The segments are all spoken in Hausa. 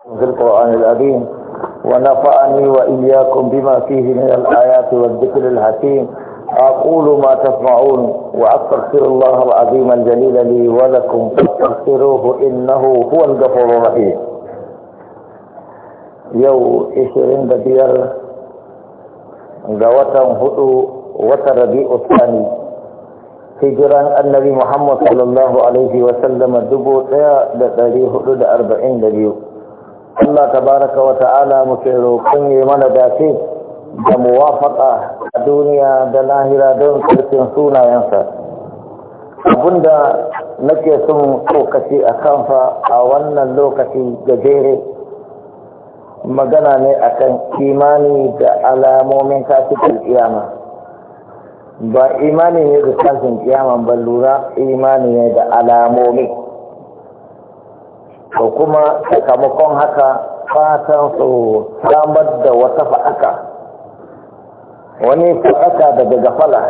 في القرآن الأديم ونفعني وإياكم بما فيه من الآيات والذكر الحكيم أقول ما تسمعون وأستغفر الله العظيم الجليل لي ولكم فاستغفروه إنه هو الغفور الرحيم يو إشرين بدير غوتا هدو وتربيع الثاني هجرا النبي محمد صلى الله عليه وسلم دبو تيا da هدو hudu da Allah tabaraka wa ta'ala muke roƙon yi mana dace da muwafaƙa a duniya da lahira don karfin sunayensa abinda nake son tsokaci a kanfa a wannan lokaci gajere magana ne akan imani da alamomin kafin kiyama ba imani ne da kafin kiyama ba lura imani ne da alamomin ko kuma sakamakon haka fatan su samar da wata fa'aka wani fa'aka daga gafala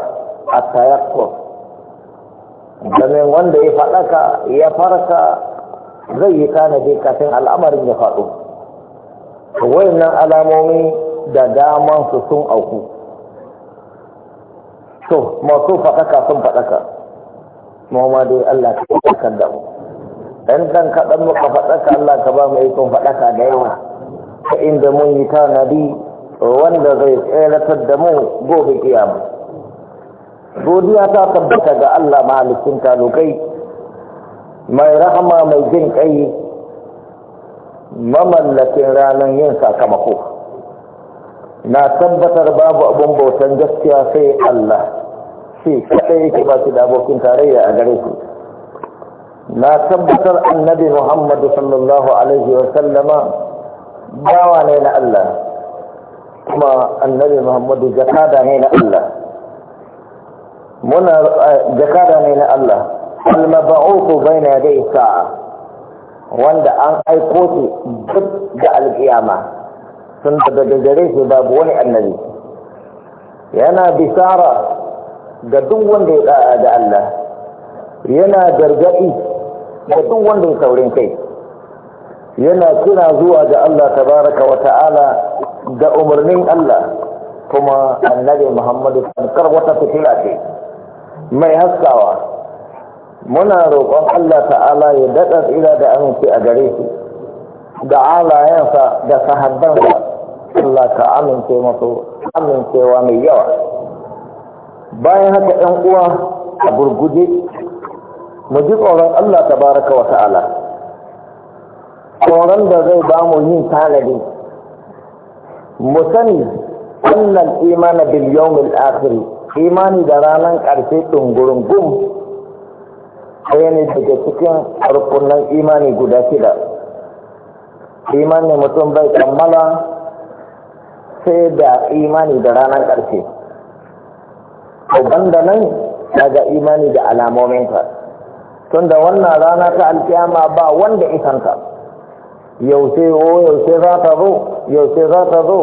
a tayakko domin wanda ya faɗaka ya farka zai yi tanadi kafin al'amarin ya faɗo nan alamomi da daman su sun auku to masu faɗaka sun faɗaka muhammadu allah ta kan damu ɗan ɗan kaɗan muka faɗaka Allah ka ba mu ikon faɗaka da yawa ta inda mun yi tanadi wanda zai tseratar da mu gobe kiyama godiya ta tabbata ga Allah mahalicin talukai mai rahama mai jin kai mamallakin ranar yin sakamako na tabbatar babu abin bautan gaskiya sai Allah sai kaɗai yake ba su da abokin tarayya a gare su na tabbatar annabi muhammadu sallallahu alaihi wa sallama. bawa ne na Allah kuma annabi muhammadu jakada ne na Allah muna jakada ne na Allah almaba'utu bayna yadai sa'a wanda an aiko shi duk da alƙiyama sun daga gare shi babu wani annabi yana bisara ga duk wanda ya da'a da Allah yana gargadi. da duk wanda ya saurin kai yana kira zuwa ga Allah tabaraka wa ta'ala da umarnin Allah kuma annabi Muhammadu sankar wata fitila ce mai haskawa muna roƙon Allah ta'ala ya daɗa tsira da aminci a gare shi da alayensa da sahabbansa Allah ka amince masu amincewa mai yawa bayan haka 'yan uwa a gurguje mu ji tsoron Allah ta baraka wa ta'ala tsoron da zai ba mu yin tanadi mu sani wannan imana biliyon mil akiri imani da ranar ƙarshe ɗungurin gum ɗaya ne daga cikin rukunan imani guda shida imani mutum bai kammala sai da imani da ranar karfe ko da nan daga imani da alamominsa tunda wannan rana ta alkiyama ba wanda isanta yaushe o za ta zo yaushe za ta zo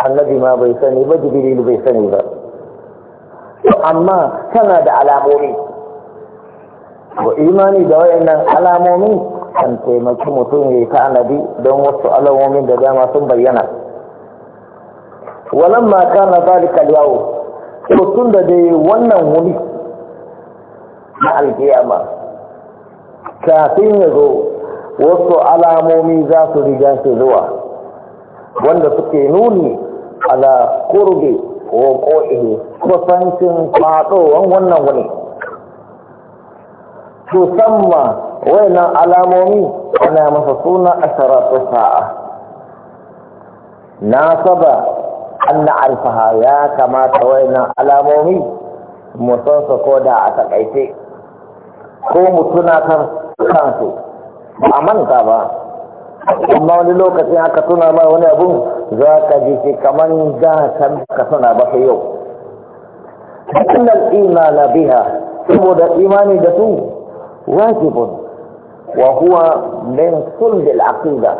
annabi ma bai sani ba jibril bai sani ba amma tana da alamomi ko imani da wayannan alamomi kan taimaki mutum ya yi tanadi don wasu alamomin da dama sun bayyana walamma kana zalika al-yawm to tunda dai wannan wuni na alkiyama kafin ya zo wasu alamomi za su riga su zuwa wanda suke nuni ala kurbe ko ko'ihe kusancin fadowar wannan wani ma wayannan alamomi ana masa suna asharatu sa'a na saba an na alfaha ya kamata wayannan alamomi musansa ko da a takaice ko mu tunatar kansu a manta ba amma wani lokacin aka tuna ba wani abun za ka ji shi kamar da san ka tuna ba sai yau imana saboda imani da su wajibun wa huwa min sulbil aqida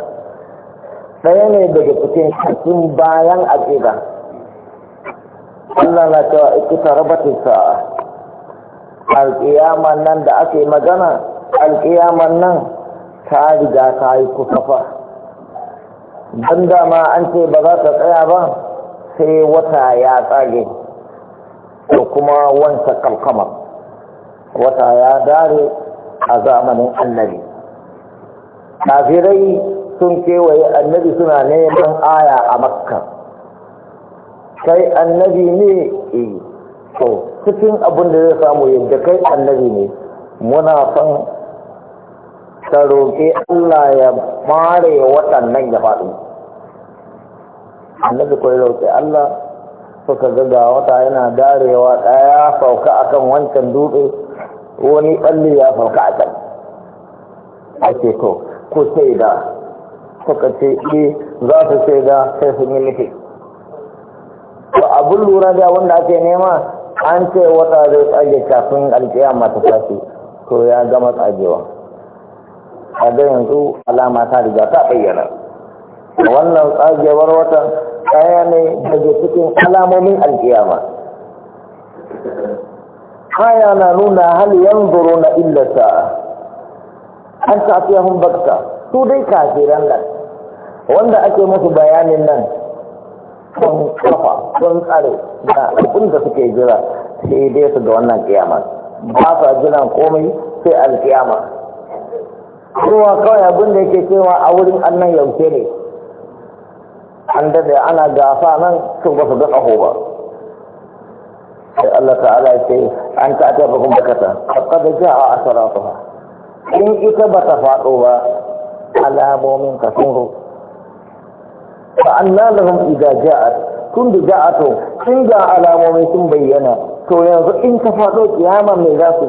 daya ne daga cikin cikin bayan aqida Allah na cewa ikita rabatin sa'a alƙiyaman nan da ake magana alƙiyaman nan ta riga ta yi kusafa don dama an ce ba za ta tsaya ba sai wata ya tsage to kuma wancan kalkamar wata ya dare a zamanin annabi kafirai sun kewaye annabi suna neman aya a makka sai annabi ne eh to cikin abin da zai samu yadda kai annabi ne muna son ta roƙi Allah ya mare waɗannan ya faɗi annabi kai roƙi Allah suka ga wata yana darewa ɗaya sauka akan wancan dutse wani ɓalli ya sauka a can ake to ku da suka ce ɗi eh, za su sai da sai sun yi nufi to abin lura da wanda ake nema an ce wata zai tsage kafin alkiyama ta tashi to ya gama tsagewa A da yanzu alama ta riga ta bayyana wannan tsagewar watan ɗaya ne daga cikin alamomin alkiyama kaya na nuna hali yanzu na illata an tafiya hun bakta su dai kafiran nan wanda ake musu bayanin nan sun kafa sun tsare da abin da suke jira sai dai su ga wannan kiyama ba sa jiran komai sai alkiyama kuma kawai abin da yake cewa a wurin annan yauke ne an dade ana gafa nan sun ba su ga tsaho ba sai Allah ta'ala ya ce an ta ta bakun bakata faqad ja'a asratuha in ita ba ta faɗo ba alamomin ka sun fa'anna lahum idza ja'at tun da ja'atu sun ga alamomi sun bayyana to yanzu in ta faɗo kiyama mai za su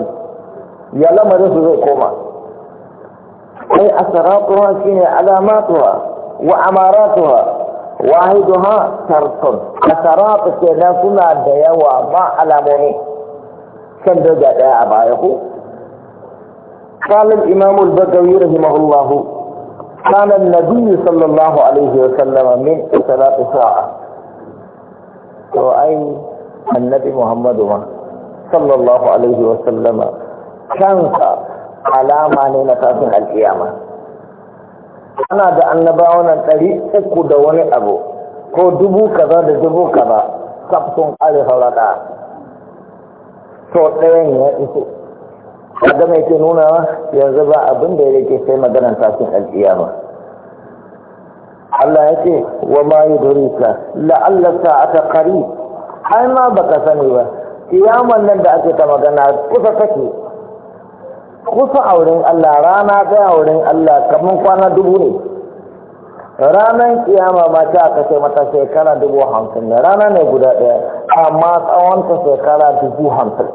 ya lamarin su zai koma ai asaratuha shine alamatuha wa amaratuha واحدها ترسل أثرات كنا كنا ديوا ما علموني كان دجا دعا بايقو قال الإمام البقوي رحمه الله كان النبي صلى الله عليه وسلم من ثلاث ساعة وأي النبي محمد ما صلى الله عليه وسلم كان علامة نتاف القيامة أنا ده النباونا تريد أكد وني أبو ko dubu kaza da dubu kaza kafin sun kare saurata to ɗayan ya iso kaga mai ke nunawa yanzu ba abin da yake sai maganar tashin alkiyama Allah ya ce wa ma yudrika a ta qarib ai ma baka sani ba kiyaman nan da ake ta magana kusa take kusa a wurin Allah rana ɗaya a wurin Allah kamar kwana dubu ne ranar kiyama ma ta aka sai mata shekara dubu hamsin ne rana ne guda ɗaya amma tsawonta shekara dubu hamsin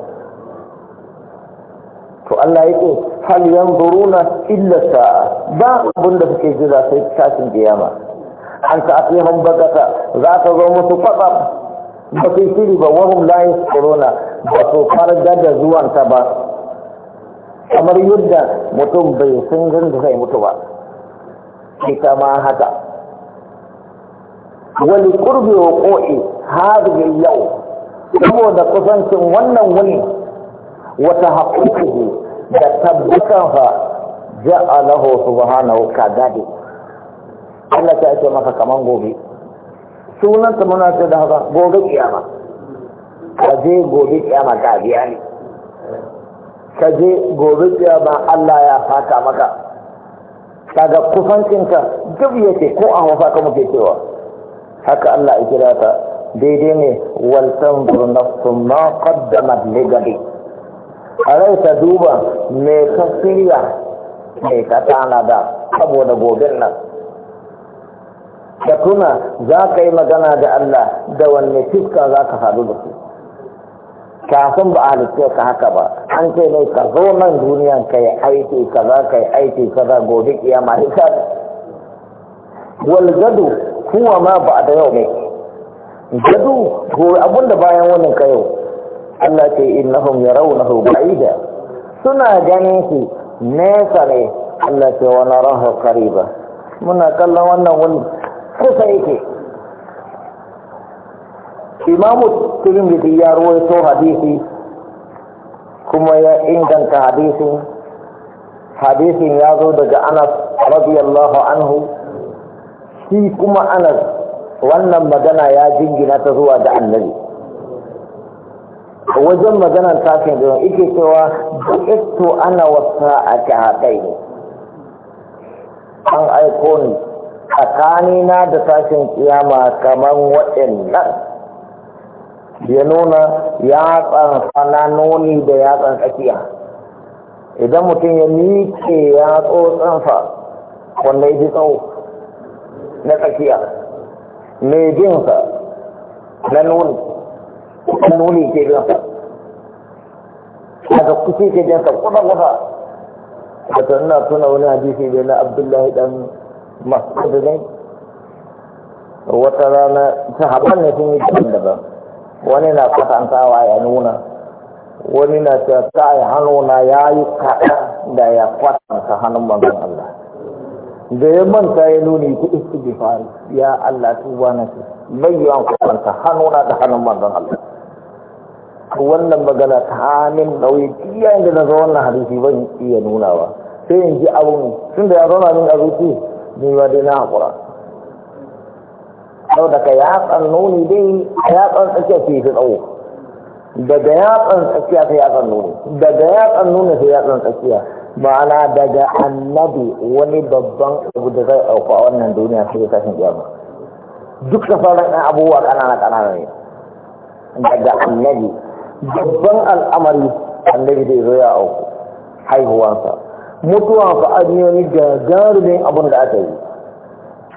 to Allah ya ce hal yanzuruna illa sa'a ba abun da suke jira sai tashin kiyama an ta mun bagata za ka zo musu kwatsam ba su shiri ba wahum la yasquruna ba su farga da zuwanta ba kamar yadda mutum bai san ganda zai mutu ba ita ma haka wani kurbe wa ko'i har yau saboda kusancin wannan wani. wata haƙuƙuhu da fa ja'alahu subhanahu ka dade Allah ta ce maka kaman gobe sunanta muna ce da haka gobe kiyama ka je gobe kiyama ka biya ne ka je gobe kiyama Allah ya fata maka kaga kusancinka duk yake ko an wafa ka muke cewa haka Allah ya kira ta daidai ne wal tanzur nafsun ma qaddamat li a rai ka duba me ka shirya me ka tanada saboda gobin nan ka tuna za ka yi magana da Allah da wanne fiska za ka hadu da su kafin ba a ce ka haka ba an ce ne ka zo nan duniya ka yi aiki ka za ka yi aiki ka za gobe kiyama wal walgado kuma ma ba da yau ne gado abinda bayan wannan ka yau Allah ce innahum yarawnahu ba'ida suna ganin shi nesa ne Allah ce wa narahu qariba muna kallon wannan wani kusa yake Imam Tirmidhi ya rawaito hadisi kuma ya inganta hadisin hadisin ya zo daga Anas radiyallahu anhu shi kuma Anas wannan magana ya jingina ta zuwa da Annabi wajen maganar da yawan ike cewa ito ana wasa a jihadai ne an aiko ni tsakanina da sashen kiyama kamar waɗannan ya nuna yatsan sananoni da yatsan tsakiya idan mutum ya nike ya tsotsansa wanda ya ji tsawo na tsakiya mai jinsa na nuni na nuni ke jinsa kaga kuce ke jan sa kuma kuma wato ina tuna wani hadisi da na abdullahi dan masu ne wata rana ta haɓar ne sun yi daga wani na kwatantawa ya nuna wani na cewa ta yi hannuna ya yi kaɗa da ya kwatanta hannun manzon Allah da ya manta ya nuni ku istighfar ya Allah tuba na ce bai yi an kwatanta hannuna da hannun manzon Allah wannan magana ta min nauyi iya inda na zo wannan hadisi ban iya nuna ba. sai in ji abin tun da ya zauna min a zuci ni ma dai na haƙura sau daga yatsan nuni dai yatsan tsakiya ce ta tsawo daga yatsan tsakiya ta yatsan nuni daga yatsan nuni ta yatsan tsakiya ma'ana daga annabi wani babban abu da zai ɗauka a wannan duniya sai ya tashin jama'a. duk da sauran abubuwa ƙanana ƙanana ne daga annabi babban al'amari annabi da zo ya auku haihuwansa mutuwa duniyoyi ga gagarumin abin da aka yi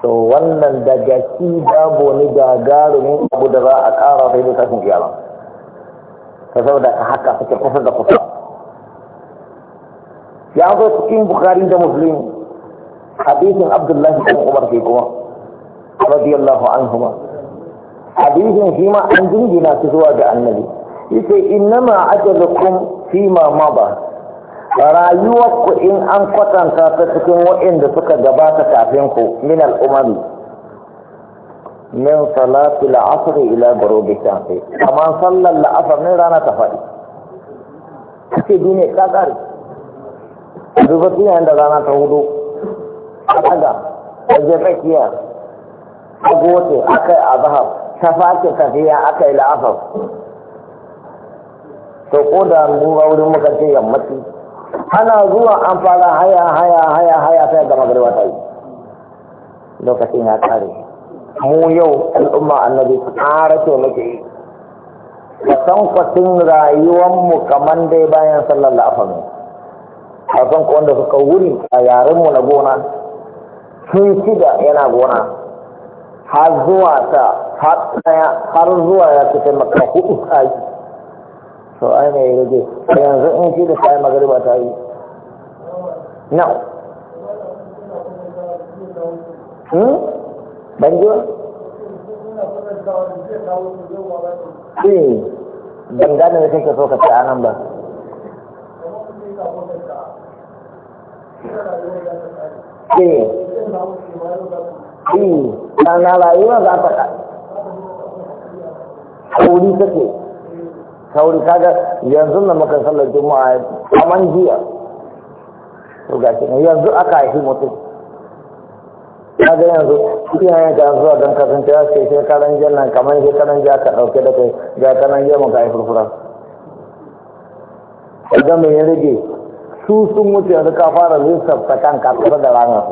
to wannan daga shi babu wani gagarumin abu da za a ƙara sai da tashin kiyama ta saboda haka suke kusa da kusa ya zo cikin bukari da musulun hadisin abdullahi bin umar ke kuma radiyallahu ma hadisin shi ma an jingina su zuwa ga annabi yace innama ajalukum fi ma maba rayuwar ku in an kwatanta ta cikin waɗanda suka gabata kafin ku min al'umami min salati al'asr ila ghurubi shamsi amma sallar al'asr ne rana ta faɗi kace duniya ta kare duba tiyan da rana ta hudu aga waje tsakiya a gote akai azhar ta fake tafiya akai la'asar to ko da mu ga wurin muka ce yammaci ana zuwa an fara haya haya haya haya sai ga magariba ta yi lokacin ya kare mu yau al'umma annabi ƙara ce muke yi ka san kwatin rayuwanmu kaman dai bayan sallar la'afami a san ku wanda suka wuri a yarenmu na gona sun shida yana gona har zuwa ta har zuwa ya fita maka hudu kaji to ai ya rage yanzu in shi da kayan magariba ta yi na hmm ban ba eh, ban gane da kake so ka ci anan ba Eh, eh, na rayuwa za ɗa, sauri take, sauri kaga yanzu na maka sallar juma'a kaman jiya to ga shi yanzu aka haifi mutum kaga yanzu iyayen ka zuwa don kasance ya ce shekaran jiya nan kaman shekaran jiya ka ɗauke da kai ga kanan jiya muka haifi furfura idan mai ya rage su sun mutu yanzu ka fara lissafta kanka kusa da ranar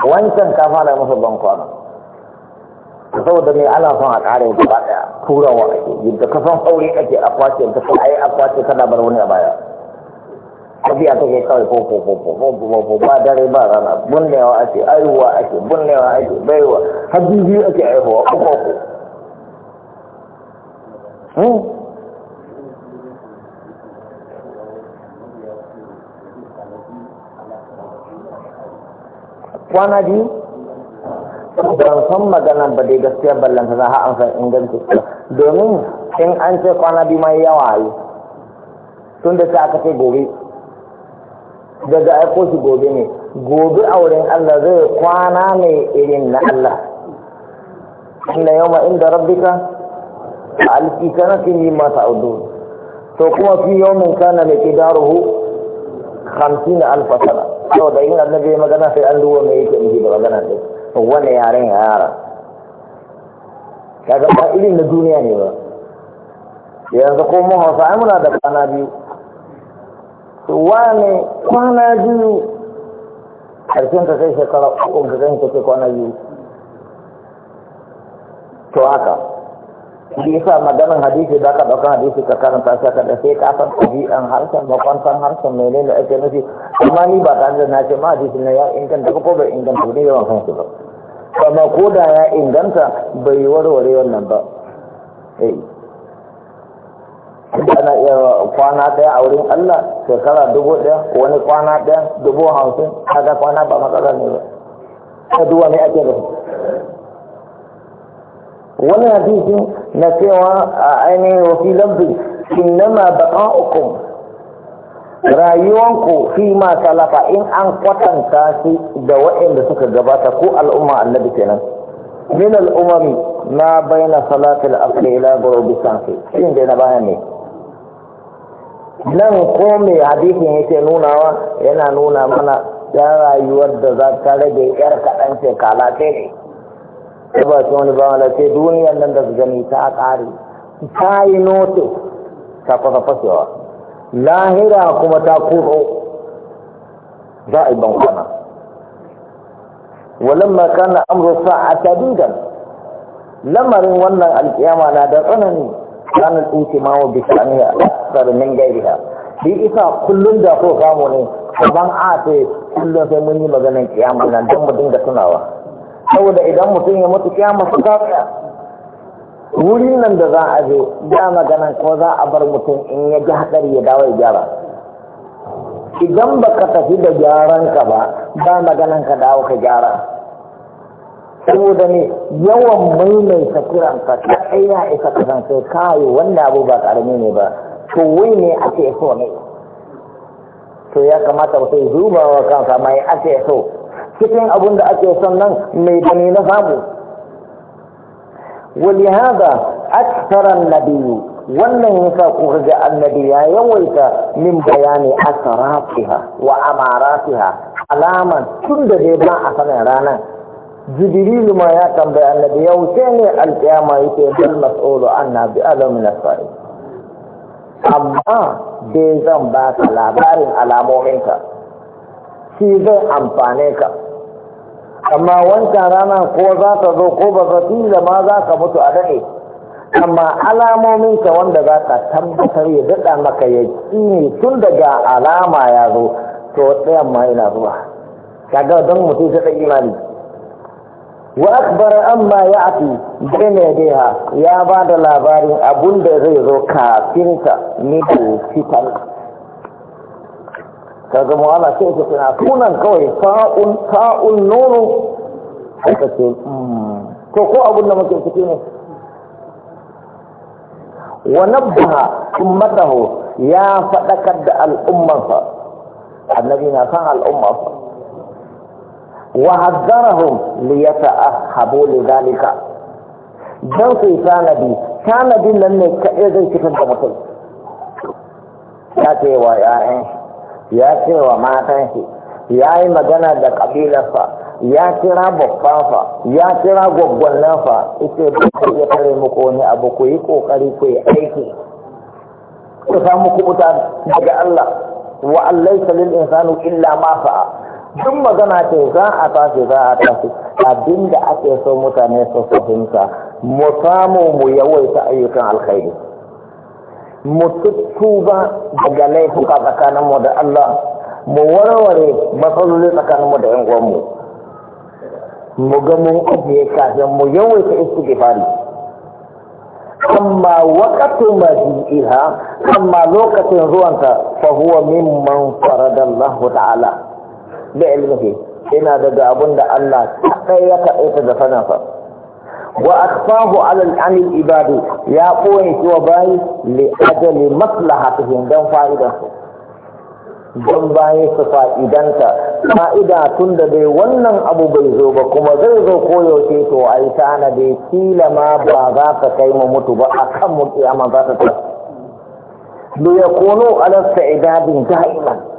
su wancan ka fara masa ban kwana saboda ne ana son a ƙara yin gaba ɗaya wa ake yadda ka san aure ake a kwace yadda ka ayi a kwace kana bar wani a baya tafiya ta ke kawai ko ko ko ko ko ko ko ba dare ba rana bunnewa ake aihuwa ake bunnewa ake baiwa har biyu ake aihuwa ko ko ko kwana biyu ban san magana ba dai gaskiya ballanta za a amsa inganci domin in an ce kwana biyu mai yawa yi tun da aka ce gobe daga aiko shi gobe ne gobe a wurin Allah zai kwana mai irin na Allah yau ma inda rabbika alfi sanatin mata ta'udun to kuma fi yau yawmin kana miqdaruhu 50 alf yau da yin annabi magana sai an duwa mai yake in ji da magana sai wani yaren ya yara kaga ba irin na duniya ne ba yanzu ko mu hausa ai muna da kwana biyu wane kwana biyu karshen ka kai shekara uku ka kai kake kwana biyu to haka shi yasa maganin hadisi da ka dauka hadisi ka karanta shi ka da sai ka san tabi'an harshen makwantan harshen menene ake nufi amma ni ba tare da na ce ma hadisi na ya inganta ko bai inganta ne yawan kansu ba kama ko da ya inganta bai warware wannan ba eh. ana iya kwana daya a wurin Allah shekara dubu daya wani kwana daya dubu hamsin haka kwana ba matsala ne ba ta duwa ne ake da wani hadisi na cewa a ainihin wafi lambi innama baka'ukum rayuwanku fi ma salafa in an kwatanta shi da wa'anda suka gabata ko al'umma annabi kenan min al'umami na bayyana salatul asr ila gurubi sanfi shin dai na bayan ne nan ko me hadisin yake nunawa yana nuna mana ya rayuwar da za ta rage yar kaɗan shekala ce ne ta ba wani ba ce duniyar nan da su gani ta ƙare ta yi noto ta kwasa fashewa lahira kuma ta kuro za a yi bankwana walamma kana amru a didan lamarin wannan alkiyama na da tsanani ranar tsinci ma wa a tsar min shi isa kullum da so samu ne kaman a ce kullum sai mun yi maganin kiyama nan don mu dinga tunawa saboda idan mutum ya mutu kiyama su ta wurin nan da za a je da magana ko za a bar mutum in ya ji haɗari ya dawo ya gyara idan ba ka tafi da gyaran ka ba ba maganan ka dawo ka gyara saboda ne yawan maimaita ka ta ɗaya isa kasance kayo wanda abu ba ƙarami ne ba to wai ne ake so ne to ya kamata ba sai zubawa kansa mai ake so cikin abun da ake son nan mai gani na samu ولهذا أكثر النبي wannan yasa kuka ga annabi ya yawaita min bayani asratiha wa amaratiha alaman tun da zai ba a sanin ranar jibrilu ma ya tambaya annabi wuce ne alƙiyama yake bal mas'ulu anna bi alamin asfa'i amma dai zan ba ka labarin alamominka shi zai amfane ka amma wancan rana ko za ta zo ko ba za ta ma za ka mutu a daɗe amma alamominka wanda za ka tabbatar ya daɗa maka ya ne tun daga alama ya zo to ɗayan ma ina zuwa kaga don mutum ta ɗan imani wa akbar amma ya ati ha, ya ba da labarin abun da zai zo kafinta ne da fitar kaga mu ala ce ka na sunan kawai fa'un fa'un nono haka ce to ko abun da muke cikin ne wa nabaha ummatahu ya fadakar da al'ummarsa annabi na san al'ummarsa wa hazzarahum li yata'ahabu li dalika dan su sanabi sanabin nan ne kaɗai zai fitar da mutum ya ce wa 'ya'yan ya ce wa matan ya yi magana da kabilarsa ya kira babbansa ya kira gwaggwannansa ita ce ya tare muku wani abu ku yi kokari ku yi aiki ku samu kubuta daga Allah wa Allah salil insanu illa ma fa'a duk magana ce za a tashi za a tashi abinda ake so mutane su fahimta mu samu mu yawaita ayyukan alkhairi mutukuba daga laifuka tsakaninmu da Allah mu warware matsaloli tsakaninmu da 'yan uwanmu mu ga mun ajiye kafin mu yawaita fari amma masu iha amma lokacin zuwanta fa huwa mimman farada Allah ta'ala da ilmihi ina daga da Allah kadai ya kaɗaita da sanansa wa akfahu alal anil ibadu ya koye shi wa bayi li ajali maslahatihim dan fa'idan su don bayi su fa'idanta fa'ida tun da dai wannan abu bai zo ba kuma zai zo koyaushe to a yi tana dai kila ma ba za ta kai mu mutu ba a kan mu kiyama za ta ta li ala sa'idadin da'iman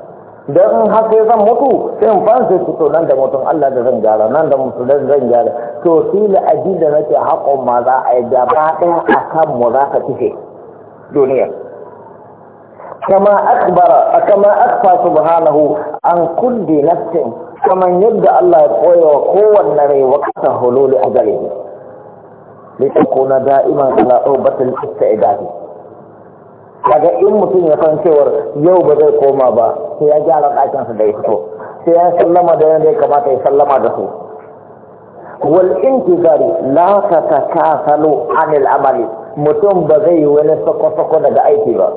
don haka zan mutu sai in fansa su to nan da mutum Allah da zan gyara nan da mutum da zan gyara to sila aji da nake haƙon ma za a yi gaba ɗaya a kan mu za ka kife duniya kama akbara kama akfa subhanahu an kulli nafsin kaman yadda Allah ya koya wa kowanne rai waqtan hululi ajalihi kuna da'iman ala ubatil istidadi kaga in mutum ya san cewar yau ba zai koma ba sai ya gyara ɗakinsa da ya fito sai ya sallama da yadda ya kamata ya sallama da su wal intizari la ta takasalu anil amali mutum ba zai yi wani sako-sako daga aiki ba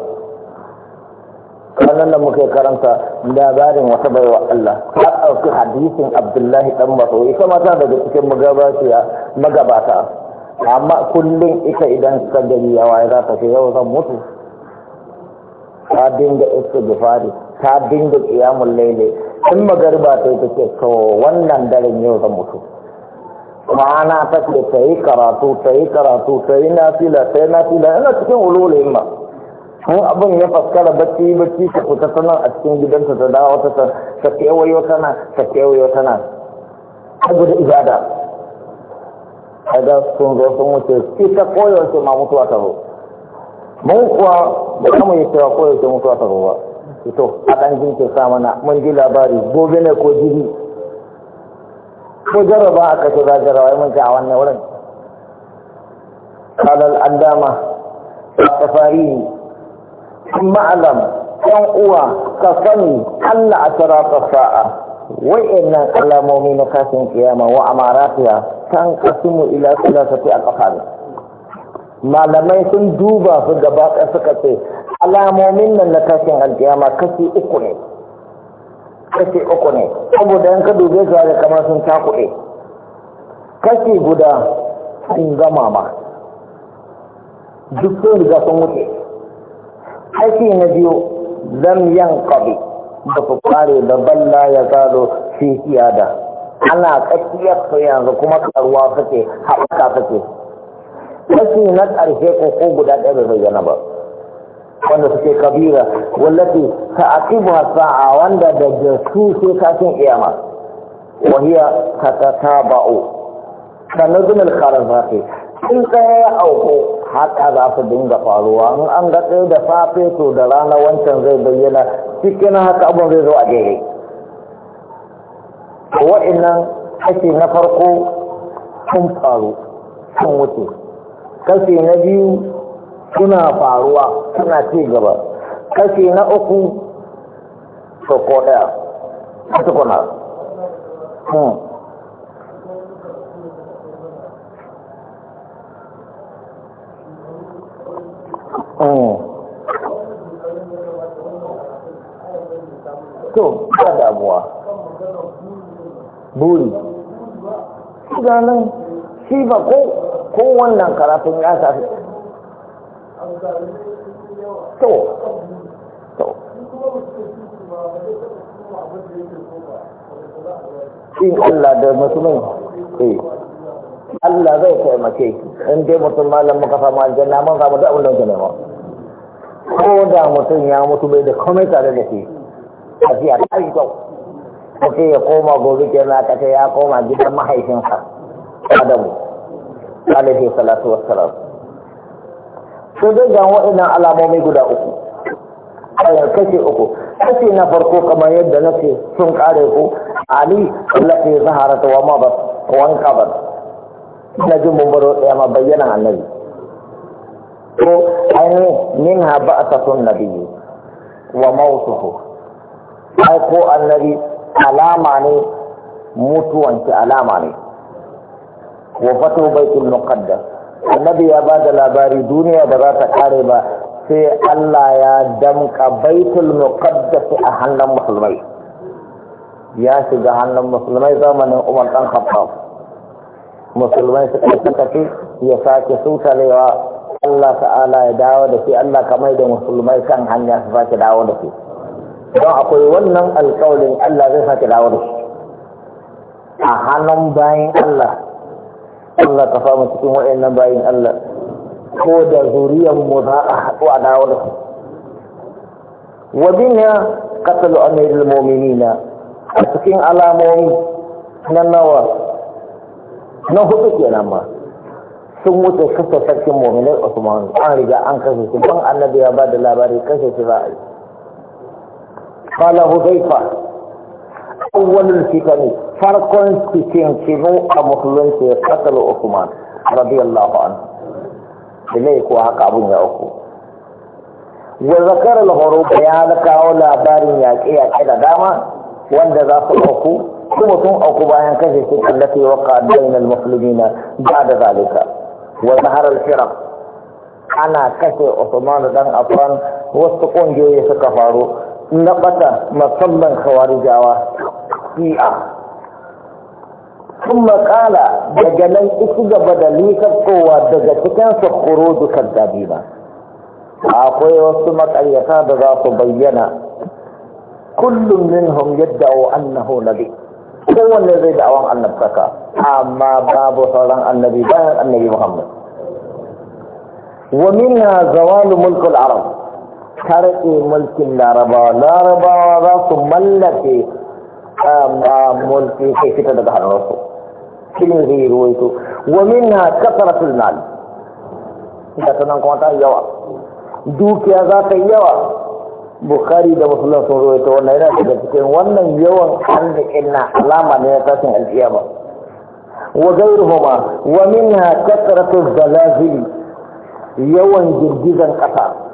kanan da muke karanta labarin wata baiwa Allah har ɗauki hadisin Abdullahi dan Mas'ud ita mata daga cikin magabata amma kullum ita idan ka gani yawa ya za ta ce yau zan mutu ta dinga istighfari ta dinga qiyamul layli in magariba ta ta ce to wannan daren yau zan mutu ma'ana ta ce ta yi karatu ta yi karatu ta yi nafila ta yi nafila yana cikin ulul himma in abin ya faskara bacci bacci ta fita sanar a cikin gidansa ta dawo ta ta kewayo tana ta kewayo tana ta gudu ibada a kaga sun zo sun wuce ita su ma mutuwa ta zo mun kuwa da kama yi shira ko yake mutuwa ta ruwa ito a ɗan jinke sa mana mun ji labari gobe ne ko jibi ko jarraba aka kashe za jarraba mun ce a wannan wurin kalal allama tafari ma'alam yan uwa ka sani allah a tara sa'a nan alamomi na kashin kiyama wa amaratiya kan kasimu ila sulasati a kafa ne malamai sun duba su gaba suka ce alamomin nan na tashin alkiyama kashi uku ne kashi uku ne saboda yanka dube su da kamar sun takuɗe kashi guda sun gama ma duk sun riga sun wuce kashi na biyu zan yan kabi da su kware da balla ya zaro fi da ana tsakiyar su yanzu kuma karuwa suke haɓaka suke kashi na ƙarshe ko ko guda ɗaya bai bayyana ba wanda suke kabira wallafi ta aqibu sa'a wanda da su sai kafin iyama ta ba'u. Sannan sanadun al-kharazati in ɗaya ya auku haka za su dinga faruwa in an ga ɗaya da safe to da rana wancan zai bayyana cikin haka abin zai zo a jere wa'annan kashi na farko sun faru sun wuce kashi na biyu suna faruwa suna ci gaba kashi na uku soko daya a to ba damuwa buri shi ba ko ko wannan karatun ya shafi to to in Allah da musulmi eh Allah zai taimake in dai mutum malam muka samu aljanna mun samu duk abin da muke nema ko da mutum ya mutu bai da komai tare da shi a ji ta yi to ko ya koma gobe kenan ka ce ya koma gidan mahaifinsa Adamu alaihi salatu wassalam su dai ga wa'inan alamomi guda uku kashe uku kashe na farko kamar yadda na ce sun kare ku ali allati zaharat wa ma bas wan qabar na jin mumbaro ɗaya ma bayyana annabi ko ainihin min ha ba a tasun nabi wa mautuhu ai ko annabi alama ne mutuwanci alama ne wa fatu baitul muqaddas annabi ya ba da labari duniya ba za ta kare ba sai Allah ya damka baitul muqaddas a hannun musulmai ya shiga hannun musulmai zamanin Umar dan Khattab musulmai suka suka ce ya sake sutalewa Allah ta'ala ya dawo da shi Allah kamar da musulmai kan hanya su sake dawo da shi don akwai wannan alƙawarin Allah zai sake dawo da shi a hannun bayan Allah Allah ka fama cikin wa'annan bayin Allah ko da zuriyar mu za a haɗu a dawo su wa binya qatl amirul mu'minina a cikin alamomi na nawa na hudu kenan ma sun wuce kasa sarkin mu'minai Usman an riga an kashe shi ban annabi ya ba da labari kashe shi za a yi qala huzaifa awwalul ne farkon cikin fitinu a musulunci qatlu Uthman radiyallahu anhu dai ko haka abun ya uku wa zakara al-hurub ya kawo labarin yaƙi-yaƙi da dama wanda za su auku kuma sun auku bayan kashe su allati waqa bainal muslimina ba'da zalika wa zahara al-firaq ana kashe usman dan Affan wasu kungiyoyi suka faru na ɓata musamman khawarijawa shi'a sun makala daga nan isu gaba da lisaftowa daga cikin sakuro dukkan dabi ba akwai wasu makaryata da za su bayyana kullum minhum yadda'u annahu nabi kowanne zai da'awan annabtaka amma babu sauran annabi bayan annabi muhammad wa minha zawalu mulkul arab karɓe mulkin larabawa larabawa za su mallake um, um, mulki sai fita daga hannunsu cikin zai ruwaito wa minha kasar mal da nan kuma ta yawa dukiya za ta yawa bukhari da musulun sun ruwaito wannan yana daga cikin wannan yawan da na alama ne na tashin alƙiyama wa gairuhuma wa minha kasaratul zalazili yawan girgizan ƙasa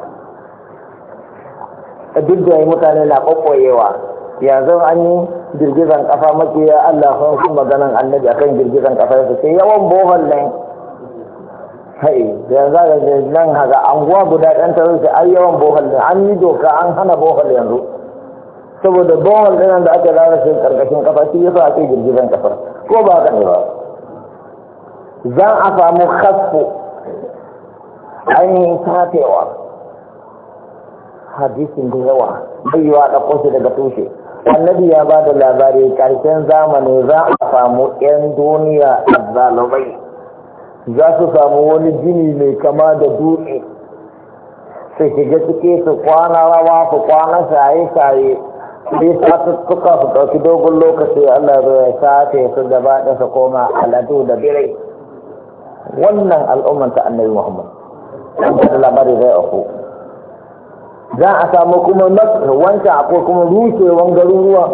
duk da yi mutane na kwakwayewa yanzu an yi girgizan kafa makiya Allah sun fi maganan annabi akan girgizan kafa yasa sai yawan bohon nan hai yanzu ga nan haka anguwa guda ɗan ta sai ai yawan bohon nan an yi doka an hana bohon yanzu saboda bohon ɗin da aka shi karkashin kafa shi yasa ake girgizan kafa ko ba haka ne ba zan a samu kasfo ainihin tafewa hadisin da yawa baiwa da kunshi daga tushe annabi ya ba da labari karshen zamani za a samu 'yan duniya zalubai. za su samu wani jini mai kama da dutse su shiga cike su kwana rawa su kwana shaye-shaye sai satuttuka su ɗauki dogon lokaci allah zai sace su gaba da su koma aladu da birai wannan al'ummar ta annabi muhammad da labari zai ku za a samu kuma wanka ko kuma rushewan garuruwa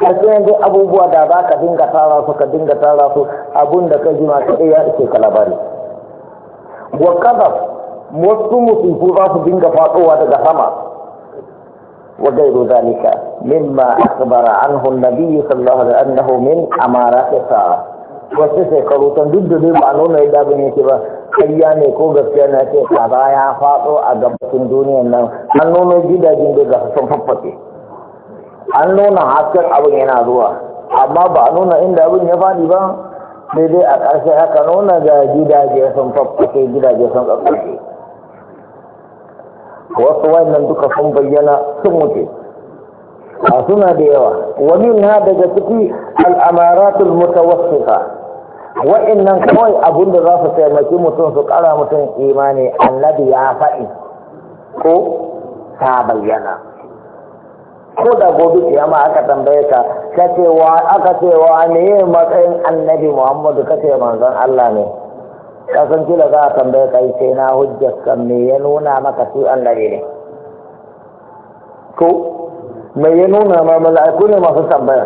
karshe yanzu abubuwa da za ka dinga tara su ka dinga tara su abun da ka jima ka iya ishe ka labari wa kadab wasu musulku za su dinga faɗowa daga sama wa gairu zalika mimma akbara anhu nabi sallallahu alaihi wa sallam homin, min amarati sa'a wasu shekaru kan duk da ba nuna yadda abin yake ba karya ne ko gaskiya na ce kaza ya faɗo a gabashin duniyan nan an nuna gidajen da ga sun faffaɗe an nuna hasken abin yana zuwa amma ba a nuna inda abin ya faɗi ba sai dai a ƙarshe haka nuna ga gidaje sun faffaɗe gidaje sun tsaffaɗe wasu wannan duka sun bayyana sun mutu a suna da yawa wani na daga ciki al'amaratul mutawassifa wa'annan kawai abin da za su taimaki mutum su kara mutum imani annabi ya faɗi ko ta bayyana ko da gobe ma aka tambaye ka wa aka wa ne matsayin annabi muhammadu kace manzon Allah ne san kila za a tambaye kai sai na hujjar me ya nuna maka su annabi ne ko mai ya nuna ma mala'iku ne masu tambaya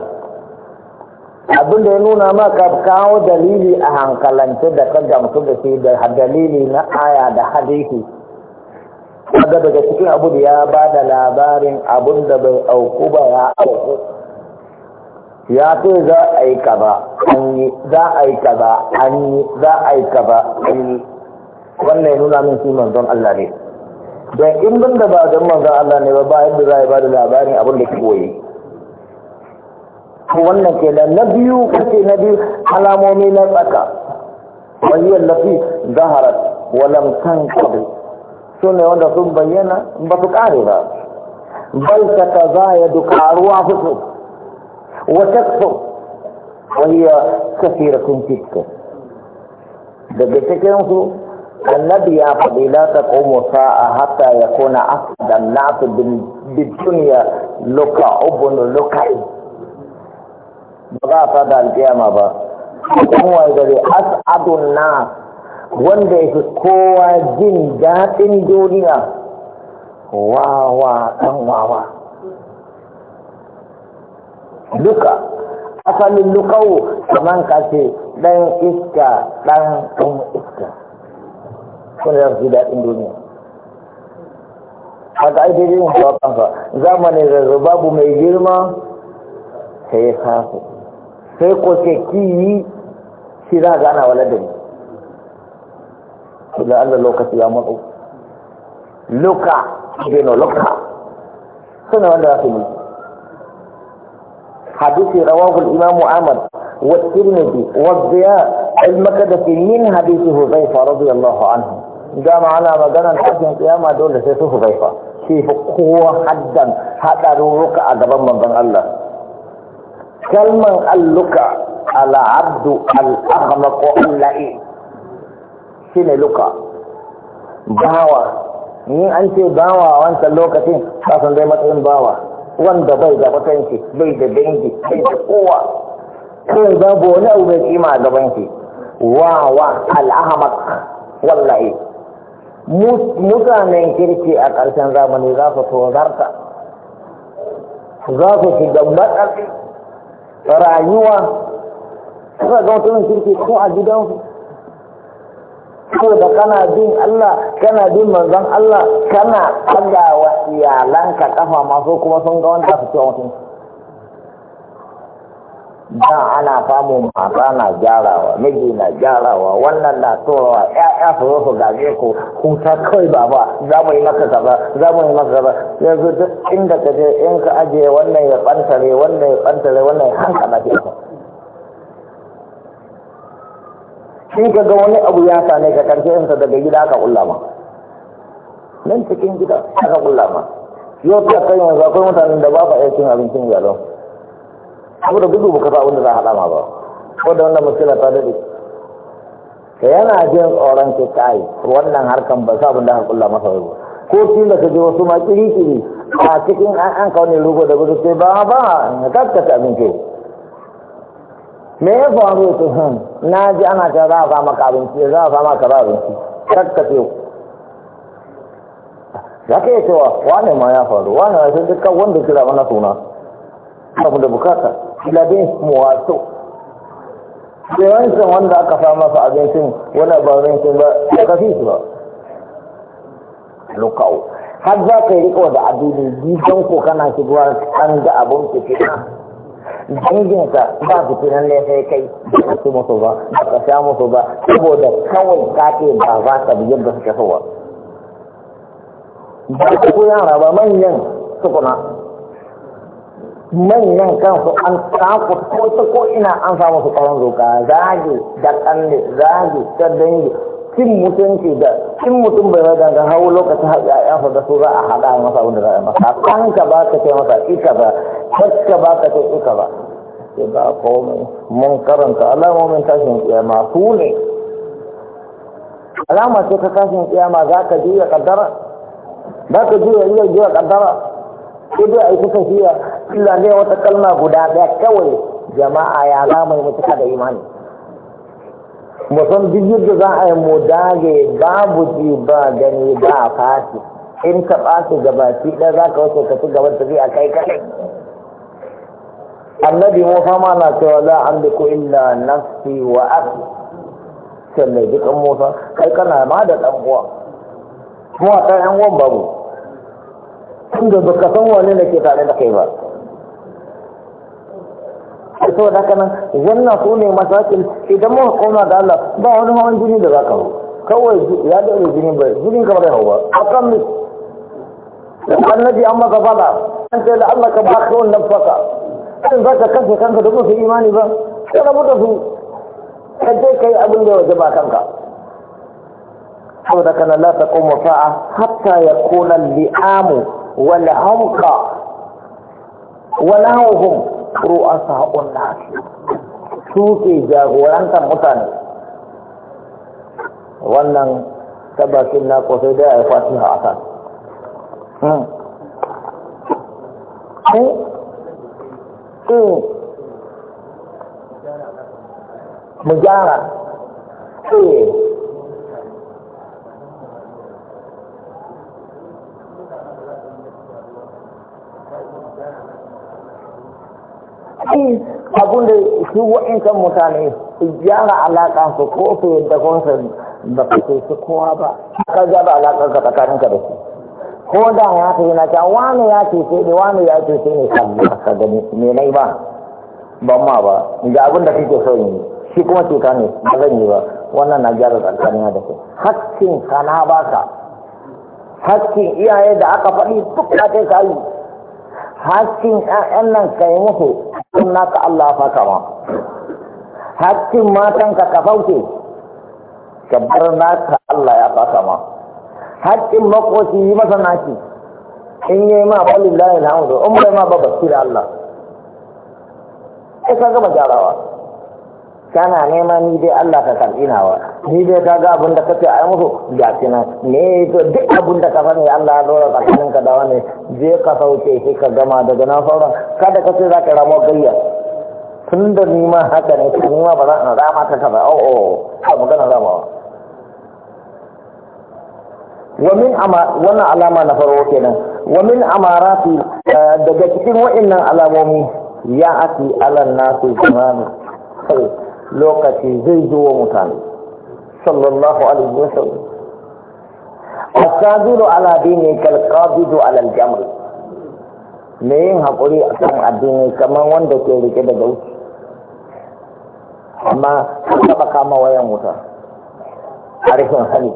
abin da ya nuna ma ka kawo dalili a hankalance da ka gamsu da shi da dalili na aya da hadisi daga daga cikin abu da ya ba da labarin abin da bai auku ba ya auku ya ce za a yi ba an yi za a yi ba an yi za a yi ba an yi wannan ya nuna min shi manzon Allah ne da in ban da ba zan manzan Allah ne ba bayan da za a ba da labarin abin da koyi wannan da na biyu kace na biyu alamomi na tsaka wahiyar lafi zaharat walam tanqab su ne wanda sun bayyana ba su kare ba Bai ta fito. Wata hukum Wani ya kafira كثيرة تلك daga cikinsu annabi ya faɗi la taqumu sa'a hatta yakuna afda an-nas bid-dunya luka ubun lukai ba za ta da alkiyama ba kuma gari as'adu na wanda ya fi kowa jin daɗin duniya wawa ɗan wawa duka asalin lukau kamar ka ce ɗan iska ɗan ɗan wanda za su ji daɗin duniya haka ai daidai yin kansa zamanin zazzu babu mai girma sai ya kafu sai ko ce yi shi za ga ana walar da ni da Allah lokaci ya matsu luka bino luka suna wanda za su yi hadisi rawahul imamu ahmad والترمذي yin المكدسي من zai حذيفه رضي الله عنه dama ana maganar tashin kiyama dole sai su fa. shi fi kowa haddan haɗarurruka a gaban manzan Allah kalman alluka al'abdu ko allahi shine luka bawa Ni an ce bawa a wancan lokacin kasan zai matsayin bawa wanda bai da kwatanci bai da dangi bai da kowa kai babu wani abu mai kima a gaban shi wa wa al'ahmaq wallahi mutanen kirki a ƙarshen zamani za su tozarta za su shiga matsalin rayuwa ka ga mutumin kirki ko a gidansu ko da kana bin Allah kana bin manzon Allah kana wa iyalanka kafa masu kuma sun ga wanda su ce mutunci da ana samun mata na gyarawa miji na gyarawa wannan na tsorawa ya'ya su zo su gaje ku huta kawai baba za mu yi maka kaza za mu yi maka kaza yanzu duk inda ka je in ka ajiye wannan ya bantare wannan ya bantare wannan ya hanka na ke shi ka ga wani abu ya same ka karshe yansa daga gida ka kulla ma nan cikin gida aka kulla ma yau ta kai yanzu akwai mutanen da ba ba iya cin abincin yalon saboda gudu ba baka sa wanda za a haɗa ma ba ko da wannan matsala ta daɗe ka yana jin tsoron ke kai wannan harkan ba sa abin da hakulla masa ba ko kila ka ji wasu ma kiri-kiri a cikin an an kawo ne rugo da gudu sai ba ba na kaskata abin ke me ya faru ya tuhan hmm, na ji ana ta za a sa maka abinci za a sa maka ba abinci kaskata yau za ka iya cewa wane ma ya faru wane ya sai dukkan wanda kira mana suna abu da bukata ila dai muwato sai san wanda aka sa masa abincin wani abincin ba ya kafi su ba lokau har za ka yi riko da addini gidan ko kana shigowa an ga abin fitina danginka ba fitinan ne lefe kai ba su musu ba ba ka sha musu ba saboda kawai kake ce ba za ka bi yadda suke so ba ba ku yara manyan sukuna manyan kansu an taku ko ta ko ina an samu su kawan roka zage da kande zage ta dangi cin mutunci da cin mutum bai mai ganga hau lokacin haɗa da su za a haɗa masa abin za a masa kan ka ba ka ce masa ita ba kakka ba ka ce ita ba ke ba komai mun karanta alamomin tashin kiyama su ne alama ce ta tashin kiyama za ka juya kaddara za ka juya iya juya kaddara ko dai a yi kusa shi illa zai wata kalma guda ɗaya kawai jama'a ya za mu yi da imani musan san duk za a yi mu dage babu ji ba gani ba fasi in ka ɓaci shi ɗaya za ka wasu ka ci gaban tafiya kai kaɗai annabi mu fama na cewa la amliku illa nafsi wa akhi sai jikin musa kai kana ma da dan uwa kuma ta yan uwan babu tunda ba ka san wane ne ke tare da kai ba to da kana wannan su ne masakin idan mu koma da Allah ba wani hawan jini da zaka ka kawai ya wani jini bai jini ka bai hawa ba a kan annabi an maka fada an ce da Allah ka ba ka wannan nafaka in za ka kashe kanka da musu imani ba sai rabu da ka je ka yi abin da waje ba kanka saboda kana la ta koma fa'a hatta ya kona li'amu والعمق ولهم رؤساء الناس suke jagorantar mutane wannan tabbacin na sai da ya fashi a akan mu gyara ai abun da su kan mutane su gyara alaƙa su ko su yadda ko su ba ka ce su kowa ba ka gyara alaƙa ka tsakanin ka da su ko da ya ta na ta wani ya ce sai ne wani ya ce sai ne kallon ka gani me nai ba ban ma ba ga abin da kake so yi shi kuma cuta ne ba zan yi ba wannan na gyara tsakanin da su hakkin ka na ka hakkin iyaye da aka faɗi duk da kai ka yi hakkin ƴan nan ka yi musu in naka Allah ya faka ma hakkin matanka ka fauke ka naka Allah ya faka ma hakkin makoci yi masa naki in yi ma balin layin hamdu in bai ma ba da Allah sai ka gama gyarawa kana nema ni dai Allah ka ina nawa ni dai ka ga abin da kace ai musu ga kina ne to duk abin da ka sani Allah ya dora tsakanin ka da wani je ka sauke shi ka gama daga na sauran kada kace za ka ramo gayya tun da ni ma haka ne ni ma ba za na rama ta ba oh oh ka oh. magana ramawa wa min ama wannan alama na farko kenan wa min amarati eh, daga cikin wa'annan alamomi ya ati alan nasu zamanu lokaci zai zo wa mutane sallallahu alaihi wa wasallam asabiru ala dini kal qabidu ala al jamr me yin hakuri akan addini kamar wanda ke rike da gauci amma an taba kama wayan wuta a rikin hali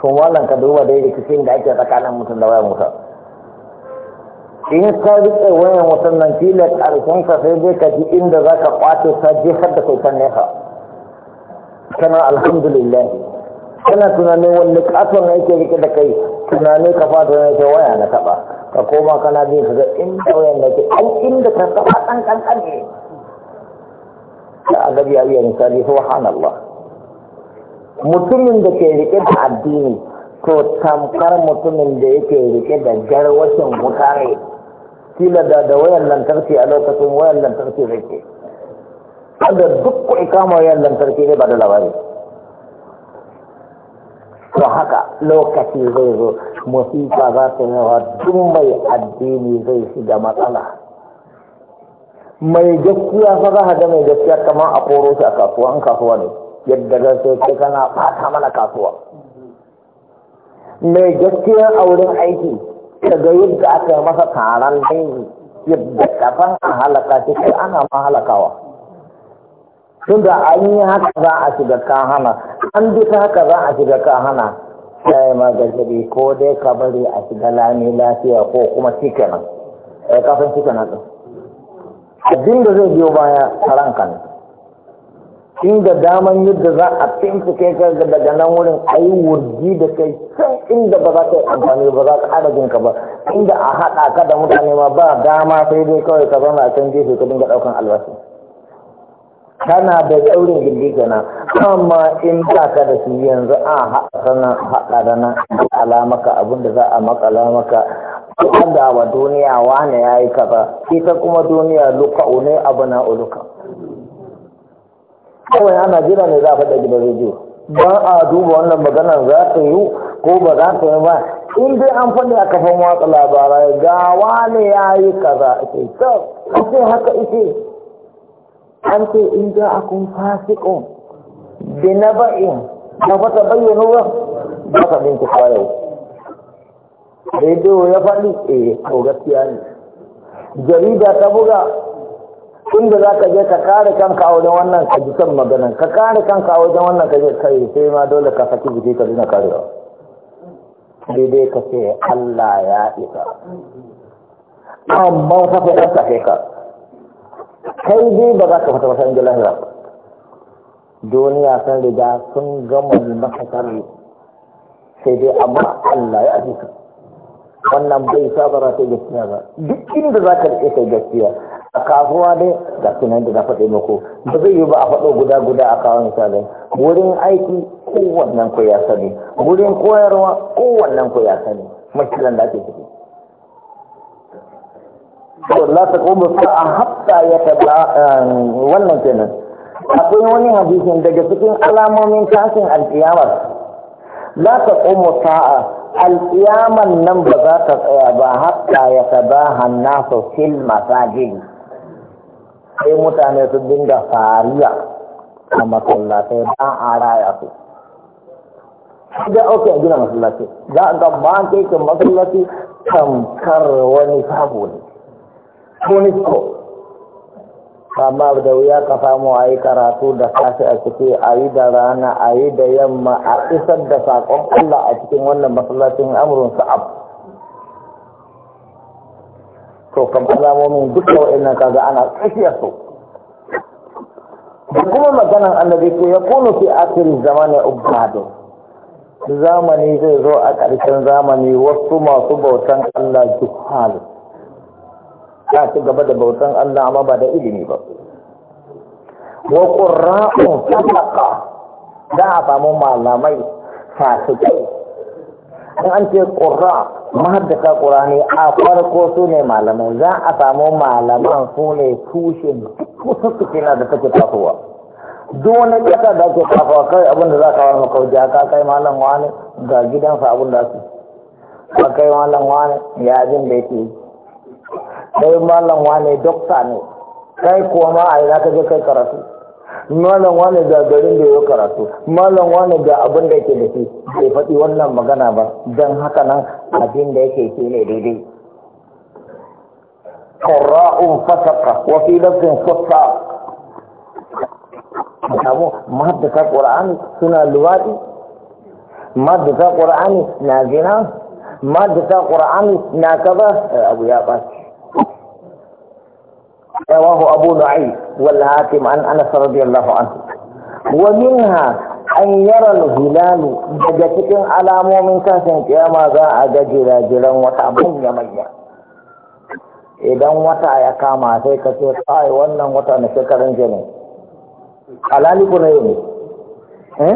to wallan ka duba dai rikicin da ake tsakanin mutum da wayan wuta in ka riƙe wayan wutan nan kila ƙarshen ka sai dai ka ji inda za ka ƙwace ta jihar da kai kan nesa kana alhamdulillah kana tunanin wani ƙaton na yake riƙe da kai tunanin ka fata na yake waya na taɓa ka koma kana bin ka ga inda wayan na ke ai inda ka taɓa ɗan ƙanƙan ne ka agabi ya iya misali subhanallah mutumin da ke riƙe da addini to tamkar mutumin da yake riƙe da garwashin mutane kila da da wayan lantarki a lokacin wayan lantarki zai ke kada duk ku ikama wayan lantarki ne ba da labari to haka lokaci zai zo musifa za ta yawa duk mai addini zai shiga matsala mai gaskiya fa za a ga mai gaskiya kamar a koro shi a kasuwa an kasuwa ne yadda ga sai kai kana ɓata mana kasuwa mai gaskiya a wurin aiki daga yadda aka masa taron dangi yadda kafan a halaka ce sai ana ma halakawa tunda an yi haka za a shiga kahana an haka za a shiga kahana sai ma ko dai ka bari a shiga lami lafiya ko kuma shikenan eh kafin shikenan din abin da zai biyo baya karanka inda daman yadda za a bincike ka daga nan wurin a yi wurgi da kai can inda ba za ka yi amfani ba za ka haɗa ka ba inda a haɗa ka da mutane ma ba dama sai dai kawai ka zama a can gefe ka dinga ɗaukan albashi kana da tsaurin gindi kana amma in ba ka da shi yanzu a haɗa nan haɗa da nan makala maka abin za a makala maka wanda wa duniya wane yayi yi kaza ita kuma duniya luka, ne abu na uluka kawai ana jira ne za a faɗa gidan rediyo ba a duba wannan maganar za ta yi ko ba za ta yi ba in dai an faɗi a kafan watsa labarai ga wane ya yi kaza ake kyau ce haka ike an ce in za a kun fasikun da na ba'in na fata bayyano ba ba ka bincika yau rediyo ya faɗi eh to gaskiya ne jarida ta buga tun da za ka je ka kare kanka a wajen wannan ka ji son maganan ka kare kanka a wajen wannan ka je kai sai ma dole ka saki jiki ka zina karewa dai ka ce Allah ya isa amma ka fi ka sake ka kai dai ba za ka fata ba san lahira duniya sun riga sun gama yi maka sarri sai dai amma Allah ya isa wannan bai sabara sai gaskiya ba duk inda za ka rike sai gaskiya a kasuwa dai ga sunan da na faɗi muku ba zai yi ba a faɗo guda guda a kawo misali wurin aiki kowannen ku ya sani wurin koyarwa kowannen ku ya sani mashilan da ake ciki Allah ta kuma a hatta ya taɓa um, wannan kenan akwai wani hadisin daga cikin alamomin tashin alkiyamar la ta kuma sa'a alkiyaman nan ba za ta tsaya ba hatta ya taɓa hannasu fil masajid sai mutane su dinga fariya a masallatai ba a raya su da auki a gina masallaci za a ga an kai masallatai tamkar wani sabo ne tunisko amma da wuya ka samu a yi karatu da safi a ciki a yi da rana a yi da yamma a isar da saƙon Allah a cikin wannan masallacin amurin sa'ab to kam alamomin wa'in nan kaga ana tsakiyar su da kuma maganan annabi ko ya kunu fi akhir zamani ubadu zamani zai zo a ƙarshen zamani wasu masu bautan Allah halu ta ci gaba da bautan Allah amma ba da ilimi ba wa ta sadaqa da a samu malamai fasikai in an ce ƙura mahaddasa ne a farko su ne malamai za a samu malaman su ne tushen wasu na da take tafowa duk wani ƙasa da ake tafowa kai abin da za ka wani makauja ka kai malam wani ga gidansa abin da su ka kai malam wani ya abin da yake kai malam wani dokta ne kai kuma a yi za ka je kai karatu malam wane da garin da ya karatu malam wane da abin da yake da shi bai faɗi wannan magana ba don haka nan abin da yake shi ne daidai قراء فسق وفي لفظ فسق samu mahaddata ƙura'ani suna luwaɗi mahaddata ƙura'ani na zina mahaddata ƙura'ani na kaza eh, abu ya ɓaci رواه أبو نعيم والهاتم عن أنس رضي الله عنه ومنها أن يرى الهلال بجتك على مؤمن كاسن كما ذا أججر جلا وتعبون يميا idan wata ya kama sai ka ce kai wannan wata na shekarun jini alali kuna yi ne